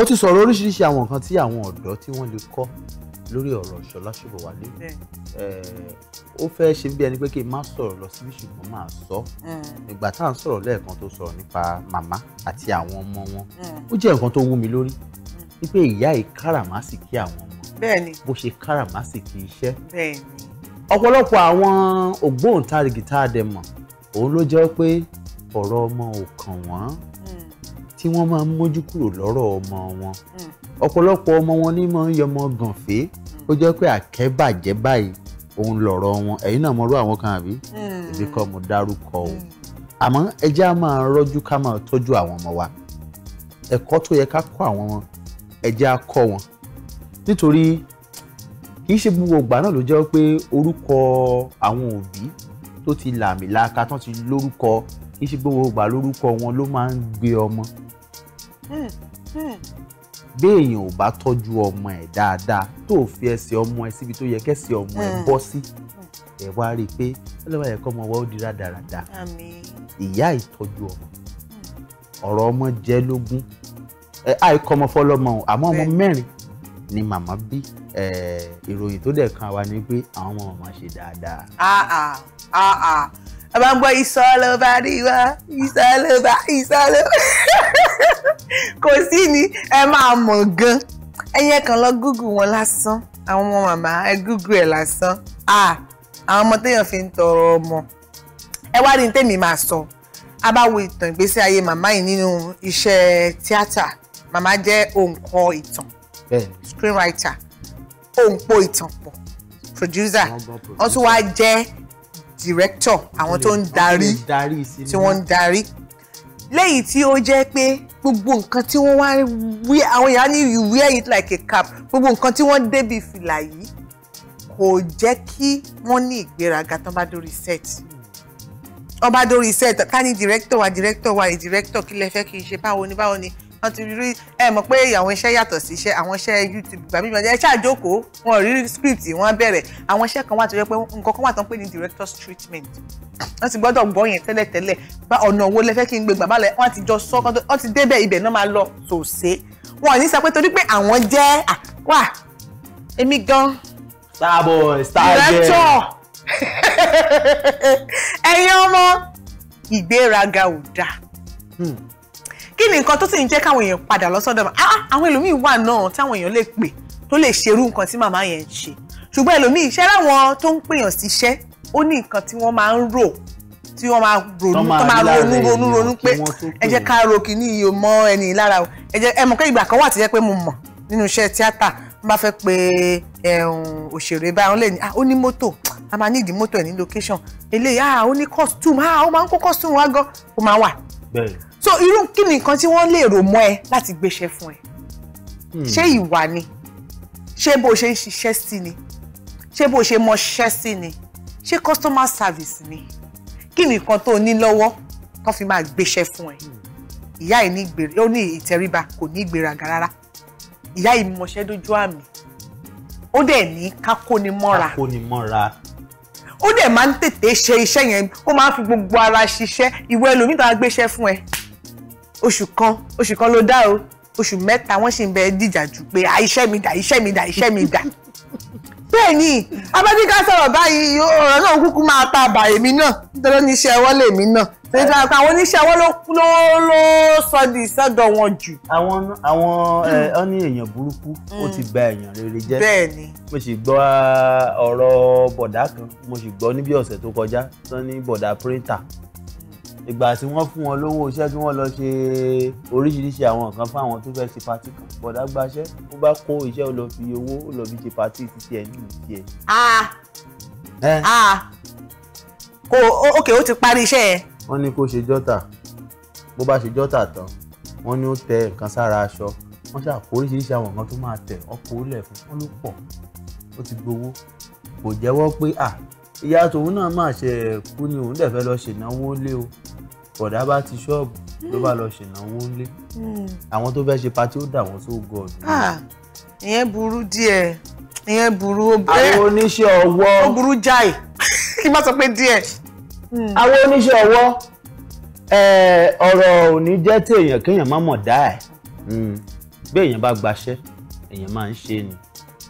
ó ti sọ̀rọ̀ oríṣiríṣi àwọn nǹkan tí àwọn ọ̀dọ́ tí wọ́n lè kọ́ lórí ọ̀rọ̀ Ṣọlá Ṣóbọ̀wálé ó fẹ́ ṣe bí ẹni pé kí n má sọ̀rọ̀ lọ síbi ṣùgbọ́n máa sọ ìgbà tá à ń sọ̀rọ̀ lẹ́ẹ̀kan tó sọ̀rọ̀ nípa màmá àti àwọn ọmọ wọn ó jẹ́ nǹkan tó wú mi lórí wípé ìyá yìí káràmásìkí àwọn ọmọ bó ṣe káràmásìkí iṣẹ́ ọ̀pọ̀lọpọ̀ àwọn ògbóǹtarìgì tá a dẹ̀ mọ̀ òun ló jẹ́ pé ọ̀rọ̀ ọmọ ò kàn wọ́n tí wọ́n máa ń mójú kúrò lọ́rọ̀ ọmọ wọn ọ̀pọ̀lọpọ̀ ọmọ wọn ní máa ń yọmọ gànfẹ́ ó jẹ́ pé àkẹ́bàjẹ́ báyìí òun lọ̀rọ̀ wọn ẹ̀yin náà mọ̀rọ̀ àwọn kan àbí hmm. èmi kọ́ mo dárúkọ o hmm. àmọ́ ẹ jẹ́ á máa rọ́jú ká máa tọ́jú àwọn ọmọ wa ẹ̀kọ́ tó yẹ ká kọ́ àwọn wọn ẹ jẹ́ á kọ́ wọn nítorí kì í ṣe gbogbo ìgbà náà ló jẹ́ pé orúkọ àwọn òbí tó ti làmìlaka tán ti lórúkọ kì í ṣe gbogbo ìgbà lórúkọ wọn ló máa ń gbé ọmọ hmm béèyàn ò bá tọ́jú ọmọ ẹ̀ dáadáa tó fi ẹsẹ̀ ọmọ ẹ̀ síbi tó yẹ kẹ́sẹ̀ ọmọ ẹ̀ hmm. bọ́ sí ẹ̀ wá rí i pé ọlọ́wọ́ yẹ kọ́ ọmọ wa ó di rádaràda ìyá ìtọ́jú ọmọ ọ̀rọ̀ ọmọ jẹ́ lógún àìkọ́mọ fọlọ́mọ o àmọ́ ọmọ mẹ́rin ni màmá bí ìròyìn tó dẹ̀ kan wa ni pé àwọn ọmọ màmá ṣe dáadáa. ẹ máa ń gbọ́ it's all over the world it's all kò sí ni ẹ máa mọ̀ gan ẹyẹ kan lọ gúgù wọn lásán àwọn ọmọ màmá ẹ gúgù ẹ lásán àwọn ọmọ téèyàn fi ń tọrọ ọmọ ẹ wá ní tèmi máa sọ a bá wo ìtàn ìgbésí ayé màmá yìí nínú iṣẹ́ tíátà màmá jẹ́ òǹkọ ìtàn screenwriter òǹpo ìtàn pọ̀ producer wọ́n tún wá jẹ́ director àwọn tó ń darí tí wọ́n ń darí léyìí tí ó jẹ́ pé gbogbo nǹkan tí wọ́n wá wí àwọn èèyàn ní you wear it like a cap gbogbo nǹkan tí wọ́n débi fìlà yìí kò jẹ́ kí wọ́n ní ìgbéraga tán bá dórí set ọba dórí set ká ní director wa director wa ẹ̀ director kí lẹ fẹ́ kí n ṣe báwo ni báwo ni wọ́n ti rí ẹ mọ̀ pé àwọn iṣẹ́ yàtọ̀ sí iṣẹ́ àwọn iṣẹ́ YouTube gbàmí ìgbà ẹ ṣàjókòó wọn rí script wọn bẹ̀rẹ̀ àwọn iṣẹ́ kan wà tó yẹ pé nǹkan kan wà tó ń pè ní director's treatment wọ́n ti gbọ́dọ̀ gbọ́ yẹn tẹ́lẹ̀tẹ́lẹ̀ bá ọ̀nà wo lẹ fẹ́ kí n gbé gbàmálẹ̀ wọ́n ti jọ sọ wọ́n ti débẹ̀ ibẹ̀ náà máa lọ tòṣe wọn ò ní sọ pé torí pé àwọn jẹ́ wà èmi gan. starboy stargell director *laughs* ẹ̀yin ọmọ ìgbéraga ò dáa. Hmm kí ni nǹkan tó sì ń jẹ́ káwọn èèyàn padà lọ sọ́dọ̀ màmá ah, ah àwọn ẹlòmíín wà náà táwọn èèyàn lè pè tó lè ṣerú nǹkan tí màmá yẹn ń ṣe ṣùgbọ́n ẹlòmíín iṣẹ́ láwọn tó ń pèèyàn síṣẹ́ ó ní nǹkan tí wọ́n máa ń rò tí wọ́n máa ronú tó máa ronú ronú ronú pé ẹ jẹ́ ká ro kìíní yìí mọ́ ẹni lára o ẹ jẹ́ ẹ mọ̀ pé ìgbà kan wà tí jẹ́ pé mo mọ̀ nínú iṣẹ́ tíátà n bá fẹ́ pe òṣèré báyọ̀ lè ní ah, ó ní mọ́tò a máa ní ìdí mọ́tò ẹ̀ ní location eléyìí ah, ó ní costume ó máa ń kó costume wá gan ó máa wà so irú kí ni nǹkan tí wọ́n lè rò mọ́ ẹ láti gbéṣẹ́ fún ẹ hmm. ṣé ìwà ni ṣé bó ṣe ń ṣiṣẹ́ sí ni ṣé bó ṣe mọṣẹ́ sí ni ṣé customer service ni kí ni nǹkan tó ní lọ́wọ́ tó fi máa gbéṣẹ́ fún ẹ hmm. ìyá yìí ní gbèrè ó ní ìtẹríba kò ní ìgbéraga rárá ìyá yìí mọṣẹ́ dójú àmì ó dẹ̀ ní kákóni mọ́ra kákóni mọ́ra ó dẹ̀ máa ń tètè ṣe iṣẹ́ yẹn ó máa ń fi gbogbo ara ṣiṣẹ́ ìwọ ẹlòmíì tó wá gbéṣẹ́ fún ẹ oṣù kan oṣù kan ló dá o oṣù mẹ́ta wọ́n sì ń bẹ dìjà jù pé àìṣẹ́ mi dà iṣẹ́ mi dà iṣẹ́ mi dà bẹ́ẹ̀ ni abẹ́díkà sọ̀rọ̀ báyìí ọ̀rọ̀ náà kúkú máa ta àbà èmi náà nítorí oníṣẹ́ ọwọ́ lèmi náà nítorí àwọn àwọn oníṣẹ́ ọwọ́ ló ló ló sọ di ìsọdọ̀ wọn jù. àwọn àwọn ẹ ọ ní èèyàn burúkú ó ti bà èèyàn rere jẹ́ bẹ́ẹ̀ ni mo sì gbọ́ ọ̀rọ̀ bọ̀dá kan mo sì gbọ́ níbi ọ̀sẹ̀ tó kọjá tán ní bọ̀dá píríntà ìgbà tí wọ́n fún wọn lówó iṣẹ́ tí wọ́n lọ ṣe oríṣiríṣi àwọn nǹkan fún àwọn tó fẹ́ ṣe patí kan bọ̀dá gbaṣẹ́ ó bá kó iṣẹ́ ó lọ fi owó ó lọ fi ṣe patí títí ẹ̀ nílùú tiẹ̀. kò ókè ó ti parí iṣẹ́ ẹ̀. wọ́n ní kó ṣe jọ́tà bó bá ṣe jọ́tà tán wọ́n ní ó tẹ nǹkan sára aṣọ wọ́n ṣàkó oríṣiríṣi àwọn nǹkan tó máa tẹ̀ ọkọ̀ ó lẹ̀ fún wọn ló pọ̀ ó ti gbowó kò jẹ́wọ́ pé à ìyá tòun náà máa ṣe kú ni òun dẹ̀ fẹ́ lọ ṣènáwó lé o bọ̀dá bá ti ṣọ́ọ̀bù ló bá lọ ṣènáwó lé hmm. àwọn tó fẹ́ ṣe patí ó dà wọ́n tó gọ̀ọ̀dù. Ah, ìyẹn burú díẹ̀ ìyẹn burú ó bẹ́ẹ̀ àwọn oníṣẹ́ ọwọ́ ó burú jáì *laughs* kí n má sọ pé díẹ̀. Hmm. àwọn oníṣẹ́ ọwọ́ ọ̀rọ̀ ò ní jẹ́ téèyàn kéèyàn má mọ̀ dá ẹ̀ hmm. bí èèyàn bá gbaṣẹ́ èèyàn máa ń ṣe ni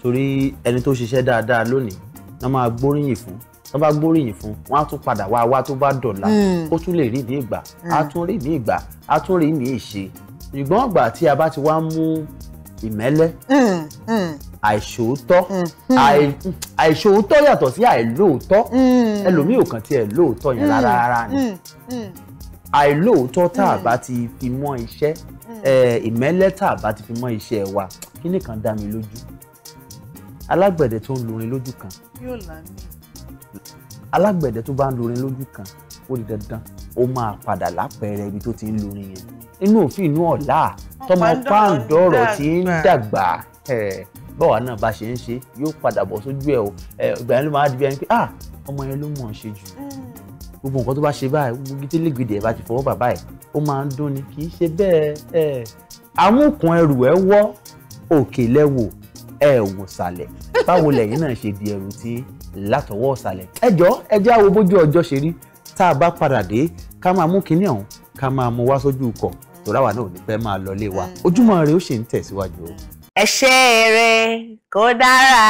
torí ẹni tó ṣiṣẹ́ dáadáa lónìí wọ́n máa gbóríyìn fún tó bá gbóríyìn fún wọn á tún padà wá wá tó bá dọ̀la hmm. ó tún lè rí ní ìgbà á hmm. tún rí ní ìgbà á tún rí ní ìṣe ṣùgbọ́n ìgbà tí a bá ti wá mú ìmẹ́lẹ́ hmm, àìṣòótọ́ àìṣòótọ́ yàtọ̀ sí àìlóòótọ́ ẹlòmíì ò kàn tiẹ̀ lóòótọ́ yẹn rárá rárá ni àìlóòótọ́ tá a bá ti fi mọ́ iṣẹ́ ìmẹ́lẹ́ tá a bá ti fi mọ́ iṣẹ́ wa kí nìkan dá mi lójú alágbẹ̀dẹ tó ń lurin lójú kan yóò lá alágbẹ̀dẹ tó bá ń lorin lójú kan ó di dandan ó máa padà lápẹẹrẹ ibi tó ti ń lorin yẹn inú òfin inú ọ̀la tọmọ pàǹdọ̀rọ̀ ti ń dàgbà báwa náà bá ṣe ń ṣe yóò padà bọ̀ sójú ẹ̀ o ìgbà yẹn ló máa di bí ẹni pé ah ọmọ yẹn ló mọ̀ ọ́n ṣe jù mm. gbogbo nǹkan tó bá ṣe báyìí gbogbo gidi lẹ́gbẹ̀dẹ̀ bá ti fọwọ́ bàbá ẹ̀ ó máa ń dún kì í ṣe bẹ́ẹ̀ ẹ̀ amúkùn ẹrù ẹ̀ wọ́ òkè lẹ́wọ̀ ẹ̀ wò báwo lẹ̀yin náà ṣe di ẹrù tí látọwọ́ ìsàlẹ̀ ẹjọ́ ẹjẹ́ àwo bójú ọjọ́ ṣe rí tá a bá padà dé ká máa mú kinní ọ̀hún ká máa mú wá sójú ikọ̀ tòrá wa náà ò ní fẹ́ máa lọlé wa ojúmọ́ rẹ ó ṣe ń tẹ̀síwájú o. ẹṣẹ rẹ kó dára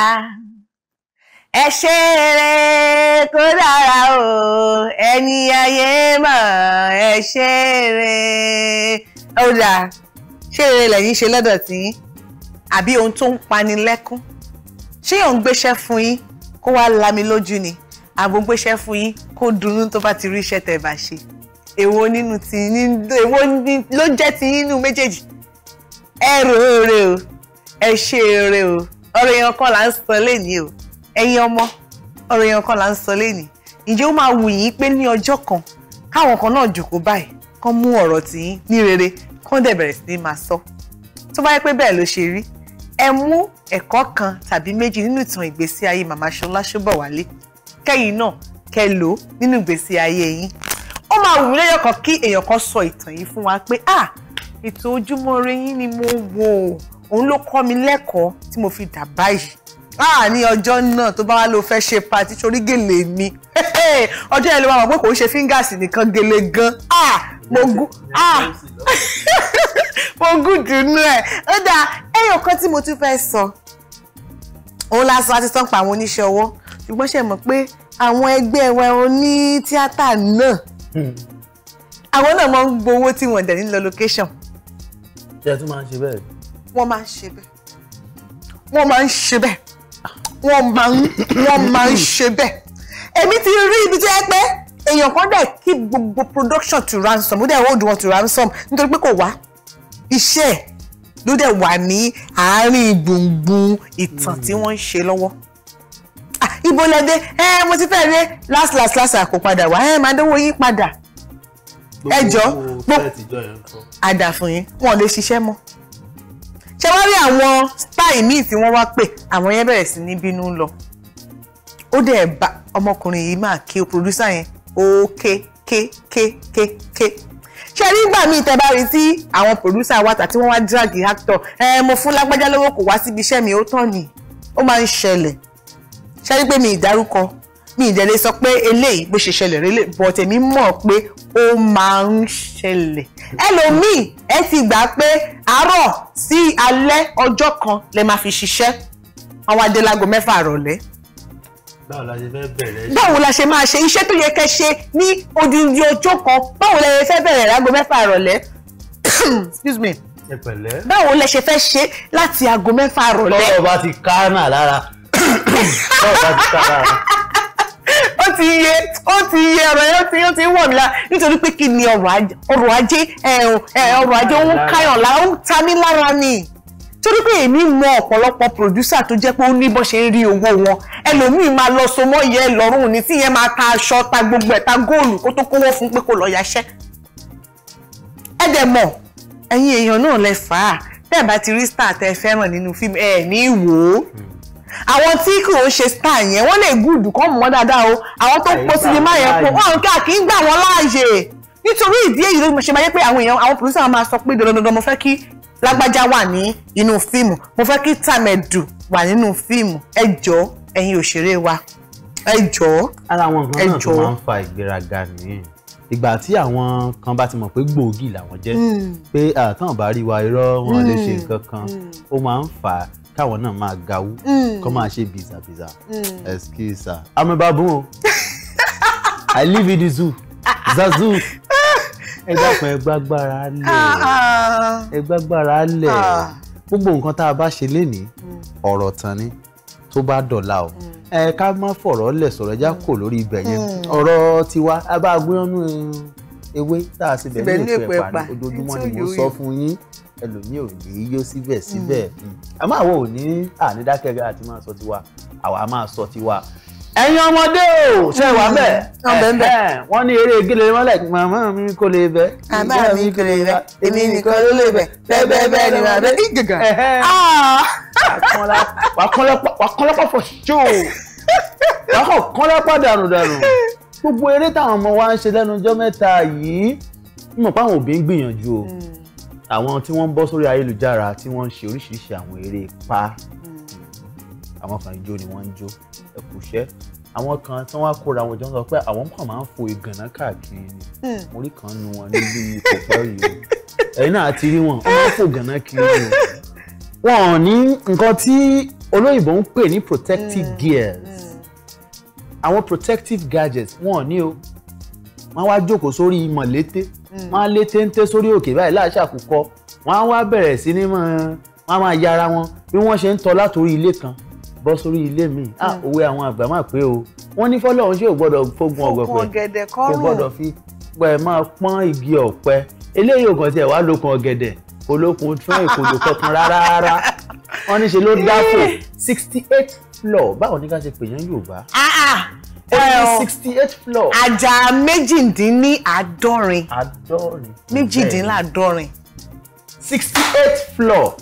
ẹṣẹ rẹ kó dára o ẹni ayé mọ̀ ẹṣẹ rẹ ó ṣé eré lẹ́yìn ṣe lọ́dọ̀ tí àbí ohun tó ń pani lẹ́kún ṣé òun gbéṣẹ́ fún yín kó wá lami lójú ni àgbógbé iṣẹ́ fún yín kó dunnú tó bá ti rí iṣẹ́ tẹ̀ bá ṣe èwo nínú ti èwo ló jẹ́ ti nínú méjèèjì ẹ rò èrè o ẹ ṣe èrè o ọ̀rọ̀ èèyàn kan là ń sọ lẹ́nìí o ẹ̀yin ọmọ ọ̀rọ̀ èèyàn kan là ń sọ lẹ́nìí ǹjẹ́ ó máa wù yín pé ní ọjọ́ kan káwọn kan náà jòkó báyìí kán mú ọ̀rọ̀ tì yín ní rere kán dẹ̀ bẹ̀rẹ̀ sí ní máa sọ tó bá yẹ pé bẹ́ẹ̀ ló ṣe rí ẹ mú ẹ̀kọ́ kan tàbí méjì nínú ìtàn ìgbésí ayé màmá Ṣọlá Ṣóbọ̀wálé kẹ́yìn náà kẹ́ lò ó nínú ìgbésí ayé yín ó máa wù mí lẹ́yọ̀ kan kí èèyàn kan sọ ìtàn yìí fún wa pé ah ètò ojúmọ́ ire yín ni mo wò òun ló kọ́ mi lẹ́kọ̀ọ́ tí mo fi dà báyìí Ah, ní ọjọ́ náà tó bá wá ló fẹ́ ṣe pati torí gèlè ni ọjọ́ yẹn ló wà pé kò ń ṣe fíngàsì nìkan gèlè gan ah, mo gùdù ah. *laughs* nú ẹ̀ ó dáa ẹyọ kan tí mo tún fẹ́ sọ òun la sọ àti sọ pa àwọn oníṣẹ́ ọwọ́ ṣùgbọ́n ṣe mọ̀ pé àwọn ẹgbẹ́ wa oní tíátà náà hmm. àwọn náà máa ń gbowó tí wọ́n dẹ̀ ní lọ location. ṣé ẹ tún máa ń ṣe bẹ́ẹ̀. wọ́n máa ń ṣe bẹ́ẹ̀ wọ́n máa ń ṣe bẹ́ẹ̀ wọ́n máa ń wọ́n máa ń ṣe bẹ́ẹ̀ èmi ti rí ibi tó yẹ pé èèyàn kan dẹ̀ kí gbogbo production to ransom ó dẹ̀ hold wọn to ransom nítorí pé kò wá iṣẹ́ ẹ̀ ló dẹ̀ wà ní àárín gbùngbùn ìtàn tí wọ́n ń ṣe lọ́wọ́ ibo lẹ́dẹ́ ẹ mo ti fẹ́ rí last last last àkó padà wá ẹ máa dánwó yín padà ẹ jọ àdà fún yín wọn ò lè ṣiṣẹ́ mọ́ ṣé wá rí àwọn style míì tí wọ́n wá pè àwọn yẹn bẹ̀rẹ̀ sí ní bínú lọ ó dẹ̀ bá ọmọkùnrin yìí máa ké producer yẹn ó ké ké ké ké ké ṣe nígbà míì tẹ bá rí tí àwọn producer wa tàbí wọ́n wá drag actor ẹ mo fún lágbájá lówó kò wá síbi iṣẹ́ mi ó tàn ní ó máa ń ṣẹlẹ̀ ṣe rí pé mi ìdárúkọ mi ìdẹ̀lẹ̀ sọ pé eléyìí bó ṣe ṣẹlẹ̀ rélẹ̀ but èmi mọ̀ pé ó máa ń ṣẹlẹ̀ ẹlòmíì ẹ ti gbà pé àárọ̀ sí alẹ́ ọjọ́ kan lè máa fi ṣiṣẹ́ àwọn adélágo mẹ́fà àrọ̀lẹ́ báwo la ṣe fẹ́ bẹ̀rẹ̀ iṣẹ́. báwo la ṣe máa ṣe iṣẹ́ tó yẹ kẹ́ ṣe ní odindi ọjọ́ kan báwo la ṣe fẹ́ bẹ̀rẹ̀ láago mẹ́fà ìrọ̀lẹ́ *coughs* excuse me. ẹ pẹ̀lẹ́. báwo la ṣe fẹ́ ṣe láti aago mẹ́fà ìrọ̀lẹ́. tọ́wọ́ bá ti ká náà lára tọ́wọ́ *coughs* bá ti ká náà ó ti yé ó ti yé ọ̀rọ̀ yẹn ó ti ó ti wọ̀ mí la nítorí pé kí ni ọrọ̀ ajé ọrọ̀ ajé ń káyọ̀ la ó ta mí lára ni torí pé èmi mọ ọ̀pọ̀lọpọ̀ pòdúsà tó jẹ́ pé ó ní bó ṣe ń rí owó wọn ẹlòmíì máa lọ so mọ́ ìyá ẹ lọ́rùn ni tí ìyẹn máa ta aṣọ ta gbogbo ẹ̀ ta góòlù kó tó kówó fún pé kó lọ yaṣẹ́ ẹ dẹ̀ mọ̀ ẹ̀yin èèyàn náà lẹ fà á tẹ́ bá ti rí star tẹ́ fẹ́ràn nínú fíìmù ẹ̀ ní wò àwọn tí kò ń ṣe star yẹn wọ́n lè gùdù kọ́ mọ́ dáadáa o àwọn tó po sinimá yẹn po wọn kí àkì ń gbà wọ́n láàyè nítorí ìdí èyí ló ṣe máa yẹ pé àwọn èèyàn àwọn pòlùsì àwọn máa sọ pé dandandan mo fẹ́ kí lágbájá wà ní inú fíìmù mo fẹ́ kí tàmẹ̀dù wà nínú fíìmù ẹ jọ̀ọ́ ẹ̀yin òṣèré wa ẹ jọ̀ọ́ ara àwọn nǹkan ìgbà tí àwọn kan bá ti mọ̀ pé gbòógì làwọn jẹ́ hmm. pé àtàn bá rí wa irọ́ wọn lè hmm. ṣe nǹkan kan hmm. ó máa ń fà á káwọn náà máa gawú mm. kó máa ṣe bìzàbìzà mm. excuse her amẹ́bá bùn o i live in the zoo zazu *laughs* ẹ dákun ẹ gbàgbára lẹ ah, ah. ẹ gbàgbára lẹ ah. gbogbo nǹkan tá a bá ṣe lénìí mm. ọ̀rọ̀ tán ni tó bá dọ̀la o ẹ ká má fọ̀rọ̀ lẹ̀ sọ̀rọ̀ ẹja kò lórí ibẹ̀ yẹn ọ̀rọ̀ tiwa a bá gbé ọ́nú ewé tá a sì bẹ̀ ní ìpẹ́pà ojoojúmọ́ ni mo sọ fún yín ẹlòmíì ò ní í yó síbẹ̀síbẹ̀ mm. àmọ́ àwọn ò ní ànídákẹ́rẹ́ àti máa sọ tiwa àwa máa sọ tiwa ẹ̀yin ọmọdé o ṣe wà mm. bẹ́ẹ̀ wọ́n ní eré gílè mọ́lẹ̀ màmá mi kò lè bẹ́. màmá mi kò lè bẹ́ èmi nìkan ló lè bẹ́ bẹ́ẹ̀bẹ́ẹ̀ ni màá bẹ́ gàngàn. wà á kọ́lọ́pọ̀ for sure wà á kọ́lọ́pọ̀ dànù dànù gbogbo eré táwọn ọmọ wa ń ṣe lẹ́nu ọjọ́ mẹ́ta yìí mọ̀ pé àwọn òbí ń gbìyànjú o. Mm àwọn tí wọ́n ń bọ́ sórí ayélujára tí wọ́n ń ṣe oríṣiríṣi àwọn eré ipá hmm. àwọn kan ijó ni wọ́n ń jó ẹ̀kúṣẹ́ àwọn kan tí wọ́n á kóra wọn jọ ń sọ pé àwọn kan máa ń fo ìgànná káàkiri ni hmm. mo rí kan nu wọn níbi ìpòpọ̀ yìí ẹ̀yin náà ti rí wọn wọ́n máa ń fo ìgànná kiri ni wọn ò ní nǹkan tí olóyìnbó ń pè ní protective hmm. gears àwọn protective gadgets wọn ò ní o wọ́n wá jókòó sórí mọ̀lété hmm. wọ́n á lé téńté sórí òkè báyìí láṣàkùkọ wọ́n á wá bẹ̀rẹ̀ sí ní máa wọ́n á máa yára wọn bí wọ́n ṣe ń tọ́ látòrí ilé kan bọ́ sórí ilé mi ah òwe àwọn àgbà máa pé o wọ́n ní fọ́lọ́run ṣé ò gbọ́dọ̀ fógun ọ̀gọ̀pẹ̀ kò gbọ́dọ̀ fi pẹ̀ máa pọ́n igi ọ̀pẹ eléyìí ògàn tiẹ̀ wá lókun ọ̀gẹ̀dẹ̀ kò lókun fún ìkòjò kankan rárá wọ́n ní ṣe ló dápò sixty eight floor báwo ni ká ṣe pè yẹn Yorùbá. Ah, ah. 68 floor. àjà méjìdínláàádọ́rin. àádọ́rin. méjìdínláàádọ́rin. sixty-eight floor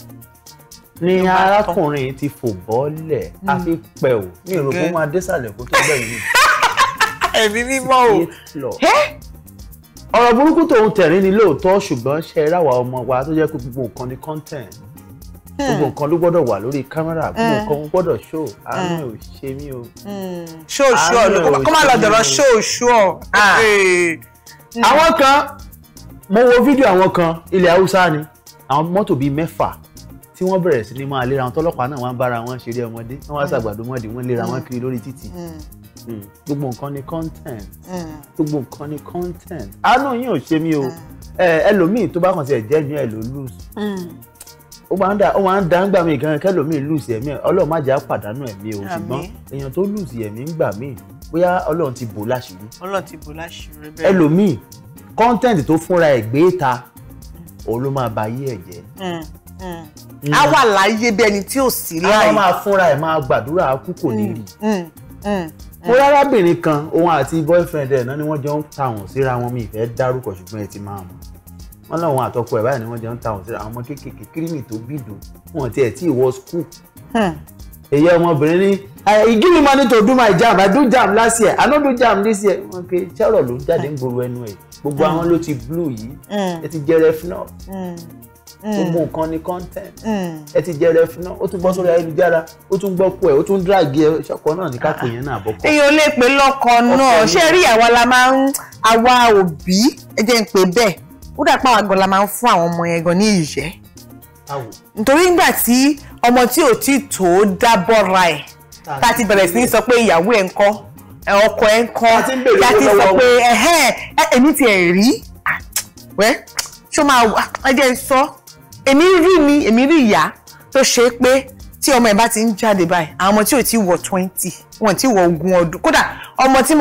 ni arákùnrin ti fò bọ́ọ̀lẹ̀ àfi hmm. pẹ̀ ò ní èrò kó máa désàlẹ̀ kó tó gbẹ̀yìn. *laughs* ẹ̀mí mímọ́ o ọ̀rọ̀ burúkú tòun tẹ̀rín ni lóòótọ́ ṣùgbọ́n ṣe é ráwa ọmọ wa tó jẹ́ pé gbogbo nǹkan ni content gbogbo hmm. nǹkan ló gbọ́dọ̀ wà lórí kámẹ́rà gbogbo hmm. nǹkan gbọ́dọ̀ ṣó hmm. àánú ò ṣe mí o. ṣó ṣó kó má lọ dọ̀rọ̀ ṣó ṣó. àwọn kan mo wo fídíò àwọn kan ilẹ̀ haúsá ni àwọn mọ́tò bíi mẹ́fà tí wọ́n bẹ̀rẹ̀ sí ni máa léra wọn tọ́lọ́pàá náà wọ́n bára wọn ṣeré ọmọdé wọ́n wá ṣàgbàdo mọ́dì wọ́n léra wọn kiri lórí títì gbogbo nǹkan ni content gbogbo nǹkan ni content àánú yín ò ṣe mí o eh, ẹlòmíì tó bá kàn sí ẹ̀jẹ̀ ní ẹ̀ ló lose ó máa ń dà ó máa ń dà ń gbà mí gan kẹlòmíì lùsì ẹ̀mí ọlọ́run má jẹ́ àpàdánù ẹ̀mí o ṣùgbọ́n èèyàn tó lùsì ẹ̀mí ń gbà mí bóyá ọlọ́run ti bò láṣìírí. ọlọ́run ti bò láṣìírí bẹ́ẹ̀. ẹlòmíì kọ́ńtẹ́ǹtì tó fúnra ẹ̀ gbé ta òun ló máa ba ayé ẹ̀ jẹ́. a hmm, hmm. hmm. wà láyé bí ẹni tí ò sí láyé. a máa fúnra ẹ̀ máa gbàdúrà kú kò ní rí. mo rárábìnrin kan òun àti boyfriend ẹ̀ náà ni wọ́n jọ ń ta àwọn síra wọn mi ìfẹ́ dárúkọ ṣùgbọ́n ẹ ti máa mọ̀ wọn láwọn àtọkọ ẹ̀ báyìí ni wọ́n jọ ń ta àwọn síra àwọn ọmọ kéékèèké kírímì tó bìdò wọn tiẹ̀ tí ì wọ skul. èyí hmm. ọmọbìnrin ní you give me money to do my jam i do jam last year i no do jam this year. wọn pe sọ̀rọ̀ ló ń jáde ń gbòòrò ẹnu ẹ̀ gbogbo hmm. àwọn ló ti blue yìí hmm. ẹ ti jẹ refnol gbogbo nǹkan ni content ẹ ti jẹ refnol ó tún bọ́ sórí ayélujára ó tún gbọ́kọ ẹ̀ ó tún dragi ẹ̀ ṣọkọ náà ní kápò yẹn náà bọ́kọ. èyí ò lè pè lọ́kọ náà ṣé rí àwa la máa ń àwa òbí ẹ jẹ́ ń pè bẹ́ẹ̀ ó dà pa àgbọ̀n la máa ń fún àwọn ọmọ yẹn gan ní ìyẹ́ nítorí nígbà tí ọmọ tí ò tí tó dábọ́ra ẹ̀ tá ní sọ pé ìyàwó ẹ̀ ń kọ́ ọkọ ẹ̀ ń kọ́ sọ pé èmi ti ẹ̀ rí wẹ́ máa wà sọ èmi rí mi èmi rí ìyá tó ṣe pé tí ti ń jáde báyìí àwọn ọmọ tí ò twenty ogún ọdún kódà ọmọ tí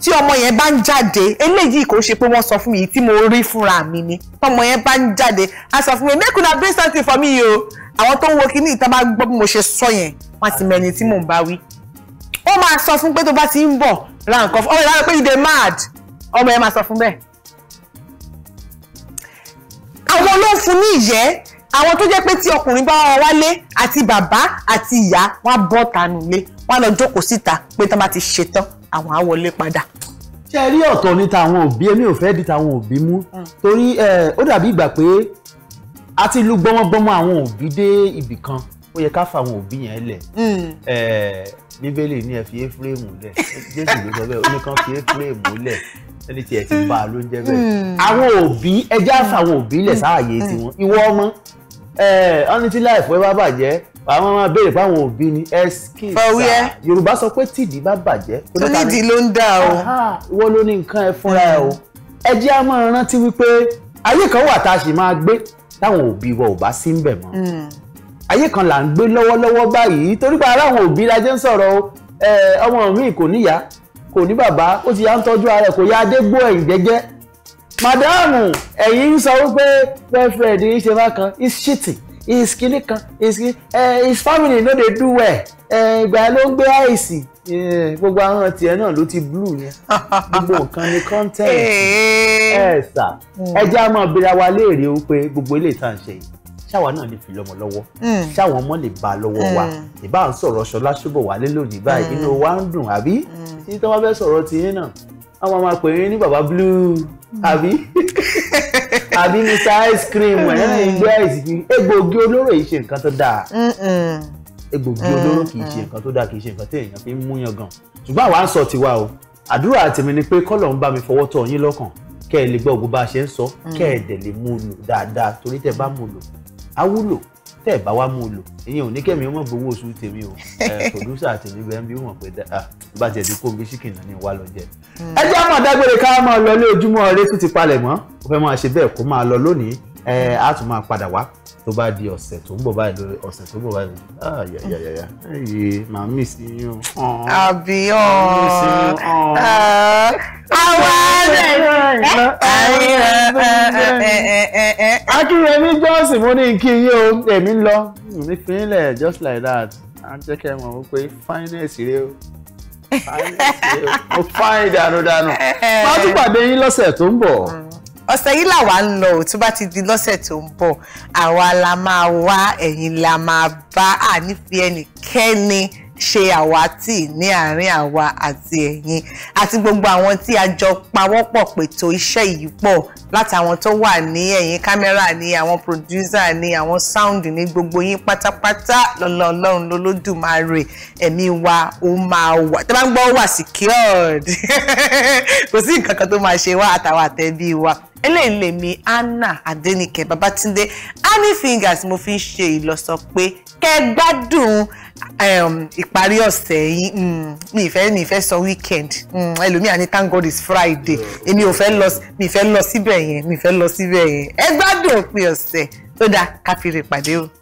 tí ọmọ yẹn bá ń jáde eléyìí kò ṣe pé wọ́n sọ fún mi tí mo rí fúnra mi ni ọmọ yẹn bá ń jáde a sọ fún mi make una bring something for me o àwọn tó ń wo kinní ìta bá gbọ́ bí mo ṣe sọ yẹn wọ́n ti mẹ́ni tí mò ń bá wí. ó máa sọ fún pé tó bá ti ń bọ̀ ra nǹkan fún ọmọ yẹn pé you dey mad ọmọ yẹn máa sọ fún bẹ́ẹ̀. àwọn ló ń fún ní ìyẹ́ àwọn tó jẹ́ pé tí ọkùnrin bá wọn wálé àti bàbá àti ìyá wọn bọ́ tanu lé wọn lọ jókòó síta pé tó bá ti ṣetán àwọn á wọlé padà. ṣé ẹ rí ọ̀tọ̀ ní tàwọn òbí èmi ò fẹ́ di tàwọn òbí mú hmm. torí ó dàbí ìgbà pé a ti lu gbọ́mọgbọ́mọ àwọn òbí dé ibì kan ó yẹ ká fa àwọn òbí yẹn lẹ̀ níbélé hmm. ni ẹ fi éfúrèmù lẹ̀ jésù ló sọ bẹ́ẹ̀ oníkan fi éfúrèmù lẹ̀ ẹni tí ẹ ti bá a ló ń jẹ bẹ́ẹ̀. Hmm. àwọn òbí ẹjẹ́ àfàwọn òbí lẹ̀ sáàyè tiwọn ìwọ ọmọ ọ́nìtì láìpẹ́ bá bàjẹ́ àwọn máa béèrè fáwọn òbí ni ẹskísà fọwíẹ́ yorùbá sọ pé tìdí bá bàjẹ́. tó nídìí ló ń dà o. ìwọ ló ní nǹkan ẹ fúnra ẹ o hmm. ẹ jẹ́ á máa rántí wípé ayé kan wà tá a sì máa gbé táwọn òbí wa ò bá sí ń bẹ̀ mọ́ hmm. ayé kan là ń gbé lọ́wọ́lọ́wọ́ báyìí torí pé ara àwọn òbí la jẹ́ ń sọ̀rọ̀ o ọmọ mi kò níyà kò ní bàbá ó ti yá ń tọ́jú ara ẹ̀ kò yá adégbó ẹ̀yìn jẹ́jẹ́ màdáàmù ẹ̀yin ń sọ wípé fẹ́fẹ́ ẹ̀dín ṣe bá kan is cheating Is kìíní kan his kìíní his family no dey do well ìgbà ló ń gbé àìsí gbogbo àwọn tiẹ̀ náà ló ti blue yẹn gbogbo nǹkan ni content *laughs* ẹ sà hmm. ẹ jẹ́ àmọ́ ìbíra wa léèrè o pé gbogbo ilé ìta ń ṣe yìí ṣáwa náà lè fi lọ́mọ lọ́wọ́ hmm. ṣáwọn ọmọ lè bá lọ́wọ́ wa hmm. ìbá ń sọ̀rọ̀ Ṣọlá Ṣóbọ̀wálé lónìí báyìí inú wa ń dùn àbí tí tí wọ́n bá fẹ́ sọ̀rọ̀ tiyín náà wọ́n máa pè é ní bàbá blue àbí *laughs* àbí mr ice cream ẹ̀ ẹ́ ń gbé ice cream egbògi olóró yìí ṣe nǹkan tó dáa egbògi olóró kì í ṣe nǹkan tó dáa kì í ṣe nǹkan tí èèyàn fi ń múyàn gan ṣùgbọ́n àwa ń sọ tiwa o àdúrà tèmi ni pé kọ́lọ̀ ń bá mi fọwọ́ tọ̀ yín lọ́kàn kẹ́ ẹ lè gbọ́ ògùn bá a ṣe ń sọ mm. kẹ́ ẹ dẹ̀ lè mú un lò dáadáa torí tẹ́ bá mú un lò á wúlò tẹ́ ẹ̀ bá wá mú un lò ìyẹn ò ní kẹ́mi ó mọ̀ gbowó oṣù tèmi o *laughs* pòdúsà tèmi bẹ́ẹ̀ bí ó mọ̀ pé bá tiẹ̀ ti kó bísíkì náà ní wá lọ jẹ. Hmm. ẹ jẹ́ àmọ̀ dágbére ká máa lọ ilé ojúmọ́ rẹ kú ti palẹ̀ mọ́ ó fẹ́ máa ṣe bẹ́ẹ̀ kó máa lọ lónìí á tún máa padà wá tó bá di ọ̀sẹ̀ tó ń bọ̀ báyìí lórí ọ̀sẹ̀ tó ń bọ̀ báyìí ah yà yà yà yà ẹ̀yẹ màá mí sí yín o. àbí ọ̀ ah. àwa rẹ̀ Akínrẹ̀mí Johnson mo ní kí yín o èmi lọ mi fi ń lẹ̀ just like that a jẹ́ kẹ́ mọ̀ ó pé finance rẹ o mo fine dànù dànù má tún pàdé yín lọ́sẹ̀ tó ń bọ̀ ọ̀sẹ̀ yìí làwa ń lọ ò tó bá ti di lọ́sẹ̀ tó ń bọ̀ àwa la máa wá ẹ̀yin la máa bá ànífi ẹnikẹ́ni ṣe àwátì ní àárín àwa àti ẹ̀yin àti gbogbo àwọn tí a jọ pawọ́pọ̀ pètò iṣẹ́ yìí pọ̀ látàwọn tó wà ní ẹ̀yìn kámẹ́rà ní àwọn pòdúsà ní àwọn sáùndì ní gbogbo yín pátápátá lọ́lọ́ ọlọ́run lolódùmarè ẹ̀mí wa ó máa wà tó bá ń gbọ́ wà secured *laughs* kò sí nǹkan kan tó máa ṣe wá àtàwọn àtẹ̀bí wa eléyìí lèmi Anna Adéníkẹ́ Babátúndé honey fingers mo fi ń ṣe ìlọsọ pé kẹ́ gbádùn um, ìparí ọ̀sẹ̀ yìí hmm, mi ìfẹ́ mi ìfẹ́ sọ weekend hmm, ẹlòmíà ní thank God is Friday èmi ò fẹ́ lọ mi ìfẹ́ lọ síbẹ̀ yẹn mi ìfẹ́ lọ síbẹ̀ yẹn ẹ gbádùn òpin ọ̀sẹ̀ tó dáa ká fi pàdé o.